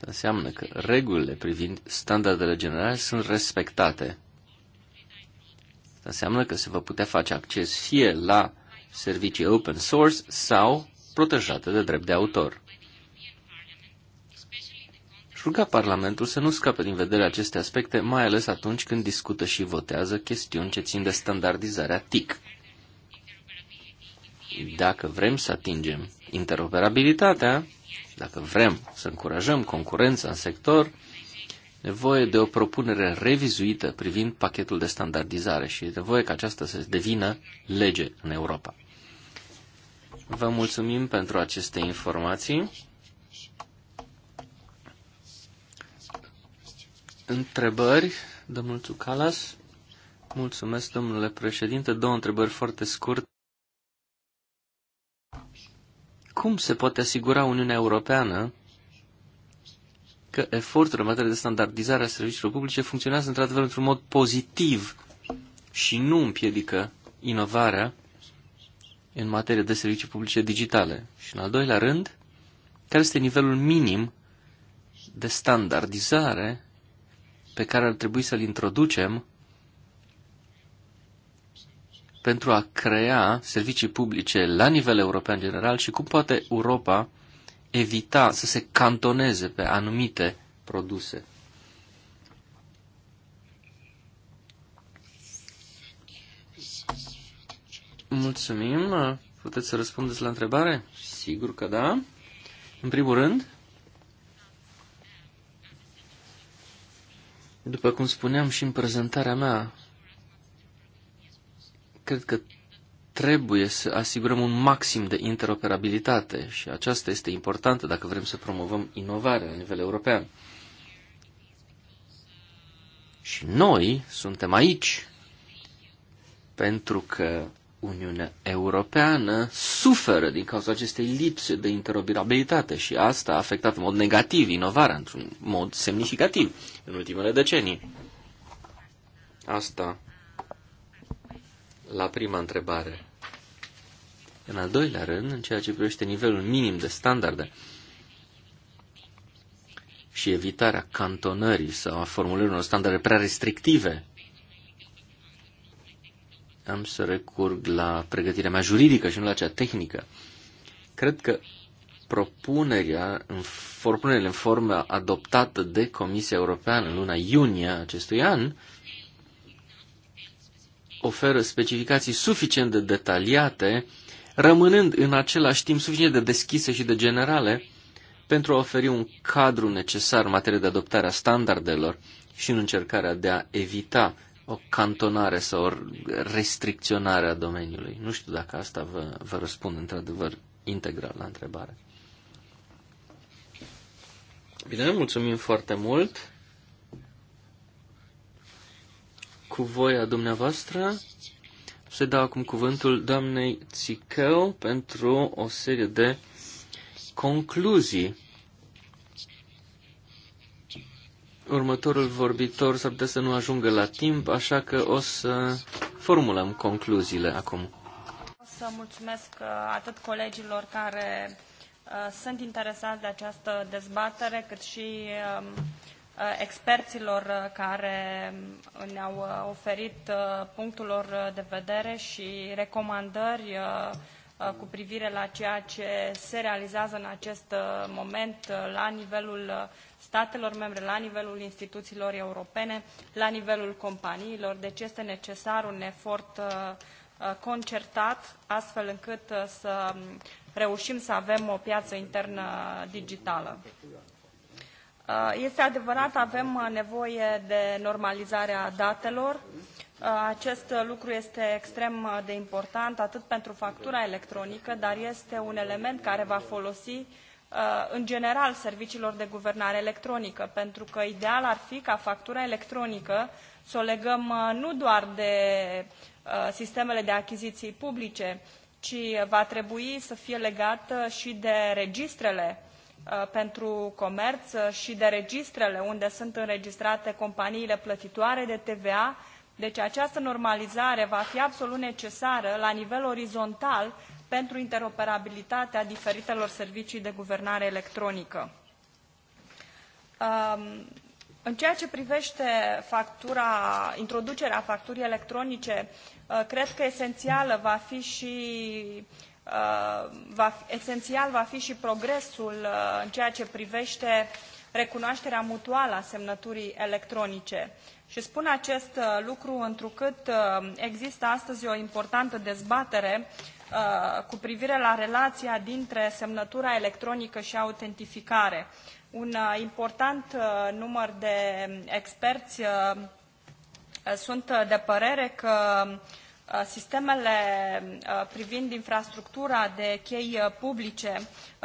Înseamnă că regulile privind standardele generale sunt respectate. Înseamnă că se va putea face acces fie la servicii open source sau protejate de drept de autor. Și ruga Parlamentul să nu scape din vedere aceste aspecte, mai ales atunci când discută și votează chestiuni ce țin de standardizarea TIC. Dacă vrem să atingem interoperabilitatea, dacă vrem să încurajăm concurența în sector, nevoie de o propunere revizuită privind pachetul de standardizare și nevoie ca aceasta să devină lege în Europa. Vă mulțumim pentru aceste informații. Întrebări, domnul Tucalas? Mulțumesc, domnule președinte. Două întrebări foarte scurte. Cum se poate asigura Uniunea Europeană că efortul în materie de standardizare a serviciilor publice funcționează într-adevăr într-un mod pozitiv și nu împiedică inovarea în materie de servicii publice digitale? Și în al doilea rând, care este nivelul minim de standardizare pe care ar trebui să-l introducem pentru a crea servicii publice la nivel european general și cum poate Europa evita să se cantoneze pe anumite produse. Mulțumim. Puteți să răspundeți la întrebare? Sigur că da. În primul rând, după cum spuneam și în prezentarea mea, cred că trebuie să asigurăm un maxim de interoperabilitate și aceasta este importantă dacă vrem să promovăm inovarea la nivel european. Și noi suntem aici pentru că Uniunea Europeană suferă din cauza acestei lipse de interoperabilitate și asta a afectat în mod negativ inovarea într-un mod semnificativ în ultimele decenii. Asta la prima întrebare. În al doilea rând, în ceea ce privește nivelul minim de standarde și evitarea cantonării sau a formulării unor standarde prea restrictive am să recurg la pregătirea mea juridică și nu la cea tehnică. Cred că propunerea, în, propunerile în formă adoptată de Comisia Europeană în luna iunie acestui an oferă specificații suficient de detaliate, rămânând în același timp suficient de deschise și de generale pentru a oferi un cadru necesar în materie de adoptare a standardelor și în încercarea de a evita o cantonare sau o restricționare a domeniului. Nu știu dacă asta vă, vă răspund într-adevăr integral la întrebare. Bine, mulțumim foarte mult. Cu voia dumneavoastră se dau acum cuvântul doamnei Țicău pentru o serie de concluzii următorul vorbitor s-ar putea să nu ajungă la timp, așa că o să formulăm concluziile acum. O să mulțumesc uh, atât colegilor care uh, sunt interesați de această dezbatere, cât și um, uh, experților care ne-au oferit punctul lor de vedere și recomandări Uh, cu privire la ceea ce se realizează în acest uh, moment uh, la nivelul statelor membre, la nivelul instituțiilor europene, la nivelul companiilor. Deci este necesar un efort concertat, astfel încât să um, reușim să avem o piață internă digitală. Este adevărat, avem nevoie de normalizarea datelor. Uh, acest lucru este extrem uh, de important atât pentru factura electronică, dar este un element care va folosi uh, în general serviciilor de guvernare electronică, pentru că ideal ar fi ca factura electronică să o legăm nu doar de sistemele de achiziții publice, ci va trebui să fie legată și de registrele pentru comerț și de registrele unde sunt înregistrate companiile plătitoare de TVA deci această normalizare va fi absolut necesară la nivel orizontal pentru interoperabilitatea diferitelor servicii de guvernare electronică. Um, în ceea ce privește factura, introducerea facturii electronice, uh, cred că esențială va fi și uh, va, esențial va fi și progresul uh, în ceea ce privește recunoașterea mutuală a semnăturii electronice. Și spun acest uh, lucru întrucât uh, există astăzi o importantă dezbatere uh, cu privire la relația dintre semnătura electronică și autentificare. Un important număr de experți sunt de părere că sistemele privind infrastructura de chei publice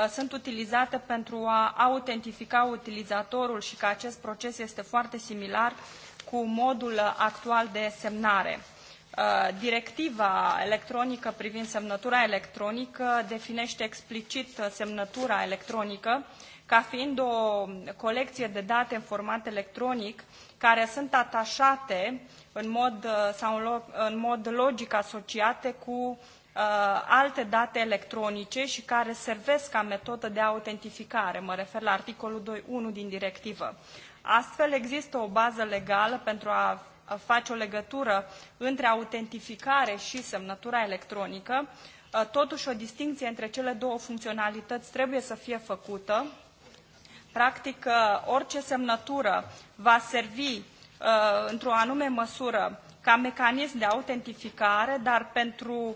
sunt utilizate pentru a autentifica utilizatorul și că acest proces este foarte similar cu modul actual de semnare. Uh, directiva electronică privind semnătura electronică definește explicit semnătura electronică ca fiind o colecție de date în format electronic care sunt atașate în mod, uh, sau în mod logic asociate cu uh, alte date electronice și care servesc ca metodă de autentificare. Mă refer la articolul 2.1 din directivă. Astfel, există o bază legală pentru a face o legătură între autentificare și semnătura electronică. Totuși, o distinție între cele două funcționalități trebuie să fie făcută. Practic, orice semnătură va servi într-o anume măsură ca mecanism de autentificare, dar pentru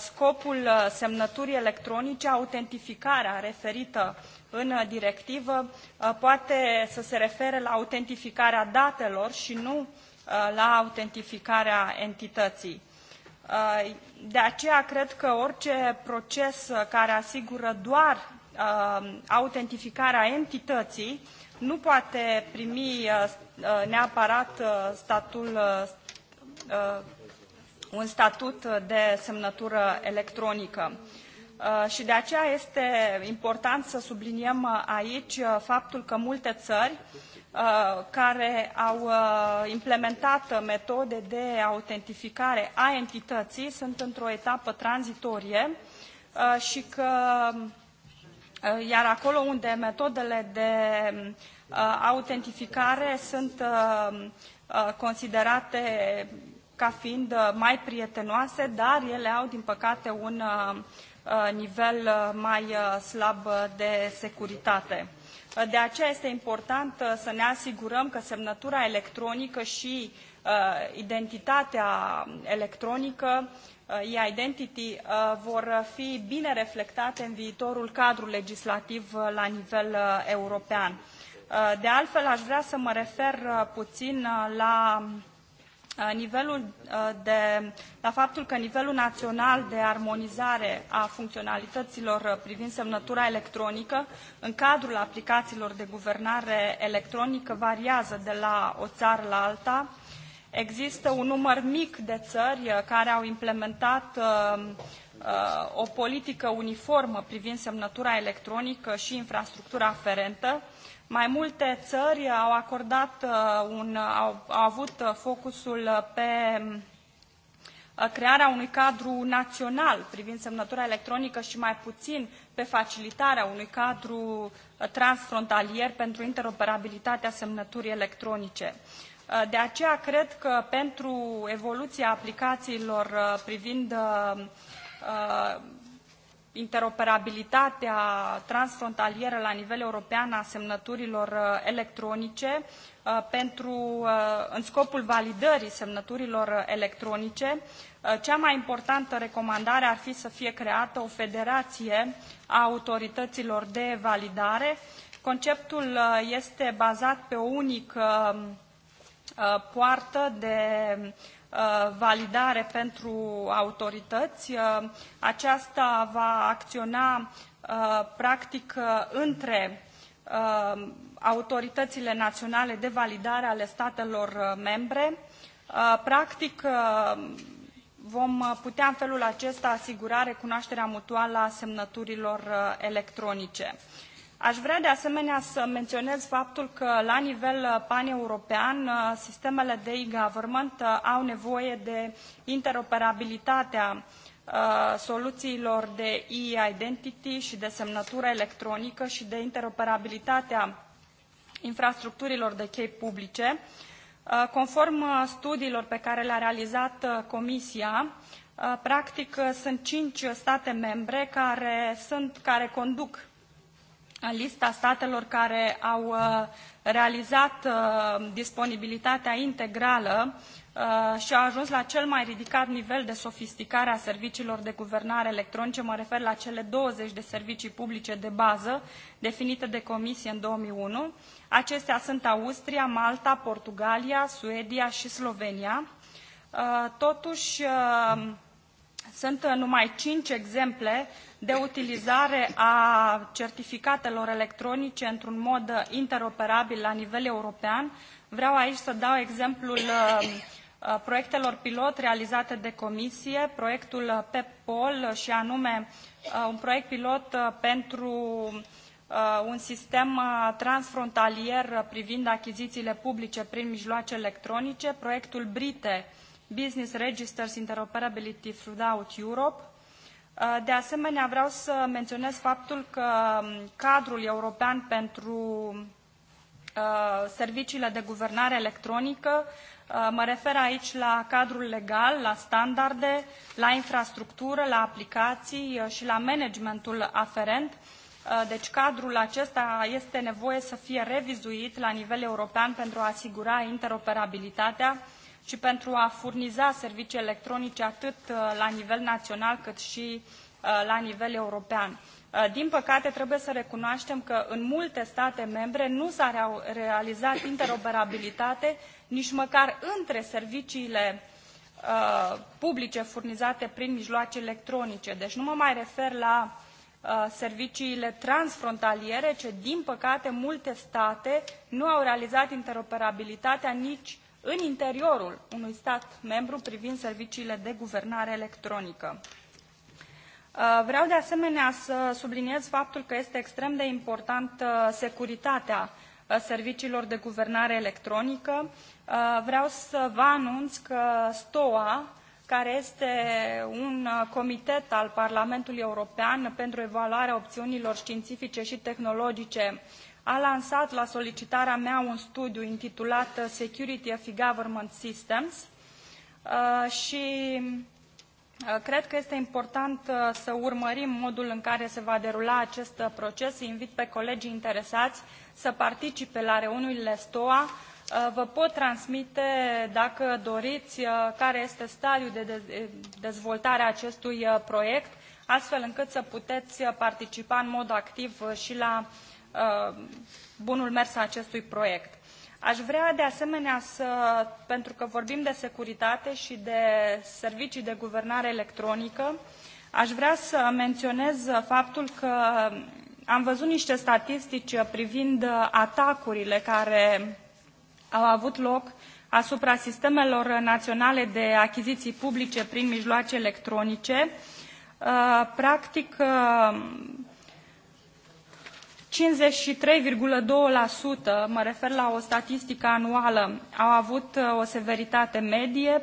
scopul semnăturii electronice, autentificarea referită în uh, directivă uh, poate să se refere la autentificarea datelor și nu uh, la autentificarea entității. De aceea cred că orice proces care asigură doar autentificarea entității nu poate primi neapărat statul, un statut de semnătură electronică. Uh, și de aceea este important să subliniem uh, aici uh, faptul că multe țări care au implementat metode de autentificare a entității sunt într-o etapă tranzitorie și că iar acolo unde metodele de autentificare sunt considerate ca fiind mai prietenoase, dar ele au, din păcate, un Uh, nivel uh, mai uh, slab de securitate. De aceea este important să ne asigurăm că semnătura electronică și identitatea electronică e-identity vor fi bine reflectate în viitorul cadru legislativ la nivel european. De altfel, aș vrea să mă refer puțin la Uh, nivelul uh, de, la faptul că nivelul național de armonizare a funcționalităților uh, privind semnătura electronică în cadrul aplicațiilor de guvernare electronică variază de la o țară la alta. Există un număr mic de țări care au implementat o politică uniformă privind semnătura electronică și infrastructura aferentă, mai multe țări au acordat uh, un, uh, au, au avut uh, focusul pe crearea unui cadru național privind semnătura electronică și mai puțin pe facilitarea unui cadru transfrontalier pentru interoperabilitatea semnăturii electronice. De aceea cred că pentru evoluția aplicațiilor privind interoperabilitatea transfrontalieră la nivel european a semnăturilor uh, electronice uh, pentru, uh, în scopul validării semnăturilor electronice. Cea mai importantă recomandare ar fi să fie creată o federație a autorităților de validare. Conceptul este bazat pe o unică poartă de Uh, validare pentru autorități. Uh, aceasta va acționa uh, practic între autoritățile naționale de validare ale statelor membre. Practic, vom putea în felul acesta asigura recunoașterea mutuală a semnăturilor electronice. Aș vrea de asemenea să menționez faptul că la nivel uh, paneuropean uh, sistemele de e-government uh, au nevoie de interoperabilitatea soluțiilor de e-identity și de semnătură electronică și de interoperabilitatea infrastructurilor de chei publice. Conform studiilor pe care le-a realizat Comisia, practic sunt cinci state membre care, sunt, care conduc lista statelor care au uh, realizat uh, disponibilitatea integrală uh, și au ajuns la cel mai ridicat nivel de sofisticare a serviciilor de guvernare electronice, mă refer la cele 20 de servicii publice de bază definite de Comisie în 2001. Acestea sunt Austria, Malta, Portugalia, Suedia și Slovenia. Totuși, sunt numai cinci exemple de utilizare a certificatelor electronice într-un mod interoperabil la nivel european. Vreau aici să dau exemplul uh, uh, proiectelor pilot realizate de comisie, proiectul PEPPOL și anume uh, un proiect pilot pentru un sistem transfrontalier privind achizițiile publice prin mijloace electronice, proiectul BRITE, Business Registers Interoperability Throughout Europe, Uh, de asemenea, vreau să menționez faptul că um, cadrul european pentru uh, serviciile de guvernare electronică, uh, mă refer aici la cadrul legal, la standarde, la infrastructură, la aplicații și la managementul aferent. Deci cadrul acesta este nevoie să fie revizuit la nivel european pentru a asigura interoperabilitatea și pentru a furniza servicii electronice atât uh, la nivel național cât și uh, la nivel european. Uh, din păcate, trebuie să recunoaștem că în multe state membre nu s-a realizat interoperabilitate nici măcar între serviciile publice furnizate prin mijloace electronice. Deci nu mă mai refer la serviciile transfrontaliere, ce din păcate multe state nu au realizat interoperabilitatea nici în interiorul unui stat membru privind serviciile de guvernare electronică. Uh, vreau de asemenea să subliniez faptul că este extrem de importantă uh, securitatea uh, serviciilor de guvernare electronică. Vreau să vă anunț că STOA, care este un comitet al Parlamentului European pentru evaluarea opțiunilor științifice și tehnologice uh, a lansat la solicitarea mea un studiu intitulat uh, Security of Government Systems uh, și uh, cred că este important să urmărim modul în care se va derula acest proces. Invit pe colegii interesați să participe la reuniunile STOA. Vă pot transmite, dacă doriți, care este stadiul de dezvoltare a acestui proiect, astfel încât să puteți participa în mod activ și la uh, Uh, bunul mers a acestui proiect. Aș vrea de asemenea să, pentru că vorbim de securitate și de servicii de guvernare electronică, aș vrea să menționez faptul că am văzut niște statistici privind atacurile care au avut loc asupra sistemelor naționale de achiziții publice prin mijloace electronice. Uh, practic, uh, 53,2%, mă refer la o statistică anuală, au avut uh, o severitate medie, 44,13%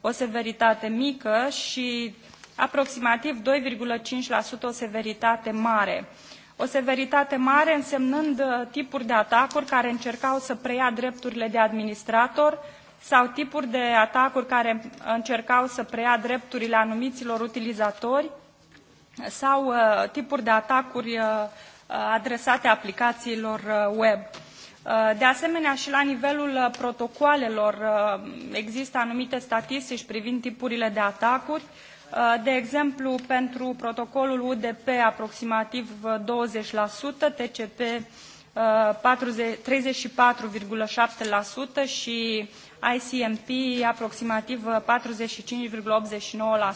o severitate mică și aproximativ 2,5% o severitate mare. O severitate mare însemnând uh, tipuri de atacuri care încercau să preia drepturile de administrator sau tipuri de atacuri care încercau să preia drepturile anumiților utilizatori, sau uh, tipuri de atacuri uh, uh, adresate aplicațiilor web. De asemenea, și la nivelul protocoalelor există anumite statistici privind tipurile de atacuri. De exemplu, pentru protocolul UDP aproximativ 20%, TCP 34,7% și ICMP aproximativ 45,89%. Uh, uh,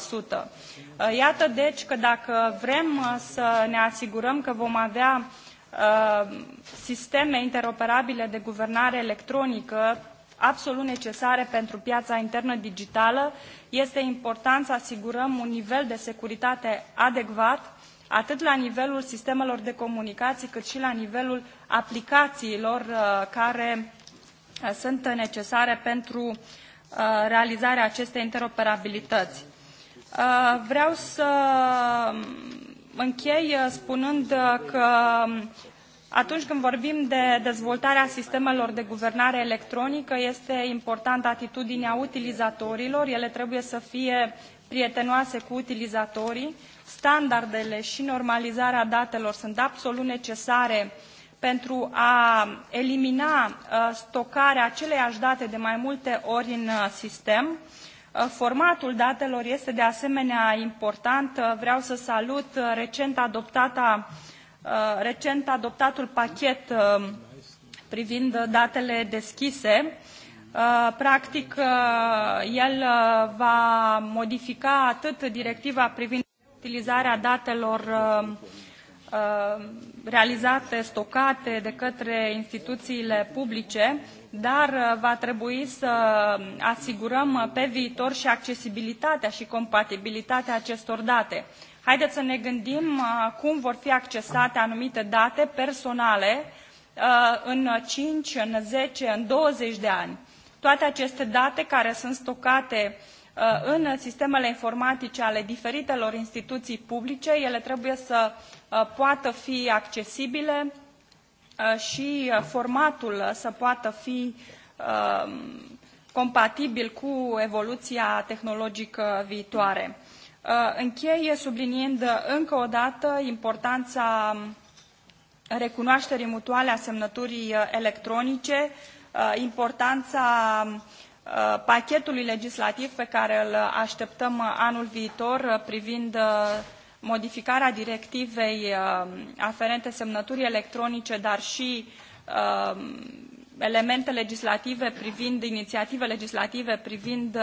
iată deci că dacă vrem uh, să ne asigurăm că vom avea sisteme interoperabile de guvernare electronică absolut necesare pentru piața internă digitală, este important să asigurăm un nivel de securitate adecvat atât la nivelul sistemelor de comunicații, cât și la nivelul aplicațiilor uh, care uh, sunt necesare pentru uh, realizarea acestei interoperabilități. Vreau să închei spunând că atunci când vorbim de dezvoltarea sistemelor de guvernare electronică, este importantă atitudinea utilizatorilor. Ele trebuie să fie prietenoase cu utilizatorii, standardele și normalizarea datelor sunt absolut necesare pentru a elimina uh, stocarea aceleiași date de mai multe ori în uh, sistem. Uh, formatul datelor este de asemenea important. Vreau să salut recent, adoptata, recent adoptatul pachet privind datele deschise. Practic, el va modifica atât directiva privind utilizarea datelor uh, uh, realizate, stocate de către instituțiile publice, dar uh, va trebui să asigurăm pe viitor și accesibilitatea și compatibilitatea acestor date. Haideți să ne gândim cum vor fi accesate anumite date personale în 5, în 10, în 20 de ani. Toate aceste date care sunt stocate uh, Uh, în sistemele informatice ale diferitelor instituții publice. Ele trebuie să uh, poată fi accesibile uh, și formatul să poată fi compatibil cu evoluția tehnologică viitoare. Închei subliniind încă o dată importanța um, recunoașterii mutuale a semnăturii electronice, importanța um, Uh, pachetului legislativ pe care îl așteptăm anul viitor uh, privind uh, modificarea directivei aferente semnăturii electronice, dar și elemente legislative privind inițiative legislative privind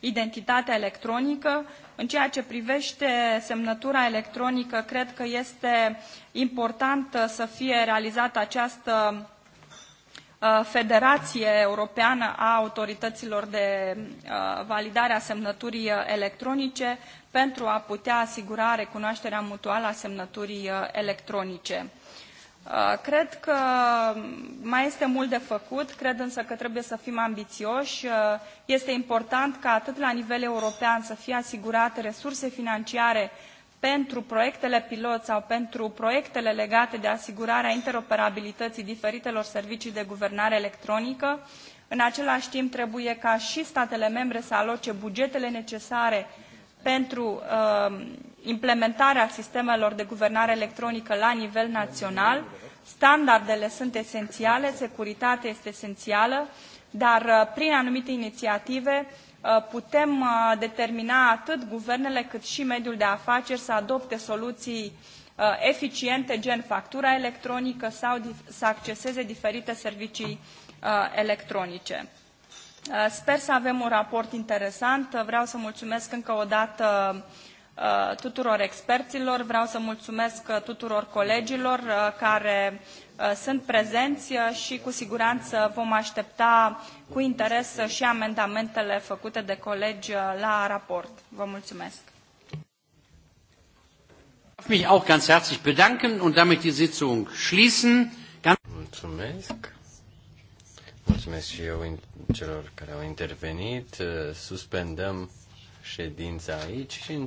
identitatea electronică. În ceea ce privește semnătura electronică, cred că este important să fie realizată această Uh, Federație Europeană a Autorităților de uh, Validare a Semnăturii uh, Electronice pentru a putea asigura recunoașterea mutuală a semnăturii electronice. Cred că mai este mult de făcut, cred însă că trebuie să fim ambițioși. Este important ca atât la nivel european să fie asigurate resurse financiare pentru proiectele pilot sau pentru proiectele legate de asigurarea interoperabilității diferitelor servicii de guvernare electronică. În același timp, trebuie ca și statele membre să aloce bugetele necesare pentru uh, implementarea sistemelor de guvernare electronică la nivel național. Standardele sunt esențiale, securitatea este esențială, dar uh, prin anumite inițiative Uh, putem uh, determina atât guvernele cât și mediul de afaceri să adopte soluții uh, eficiente, gen factura electronică sau să acceseze diferite servicii electronice. Sper să avem un raport interesant. Vreau să mulțumesc încă o dată tuturor experților, vreau să mulțumesc tuturor colegilor care Uh, sunt prezenți uh, și cu siguranță vom aștepta cu interes uh, și amendamentele făcute de colegi la raport. Vă mulțumesc! mich auch ganz herzlich bedanken und damit die Sitzung schließen. Ganz Mulțumesc. Mulțumesc și eu celor care au intervenit. Suspendăm ședința aici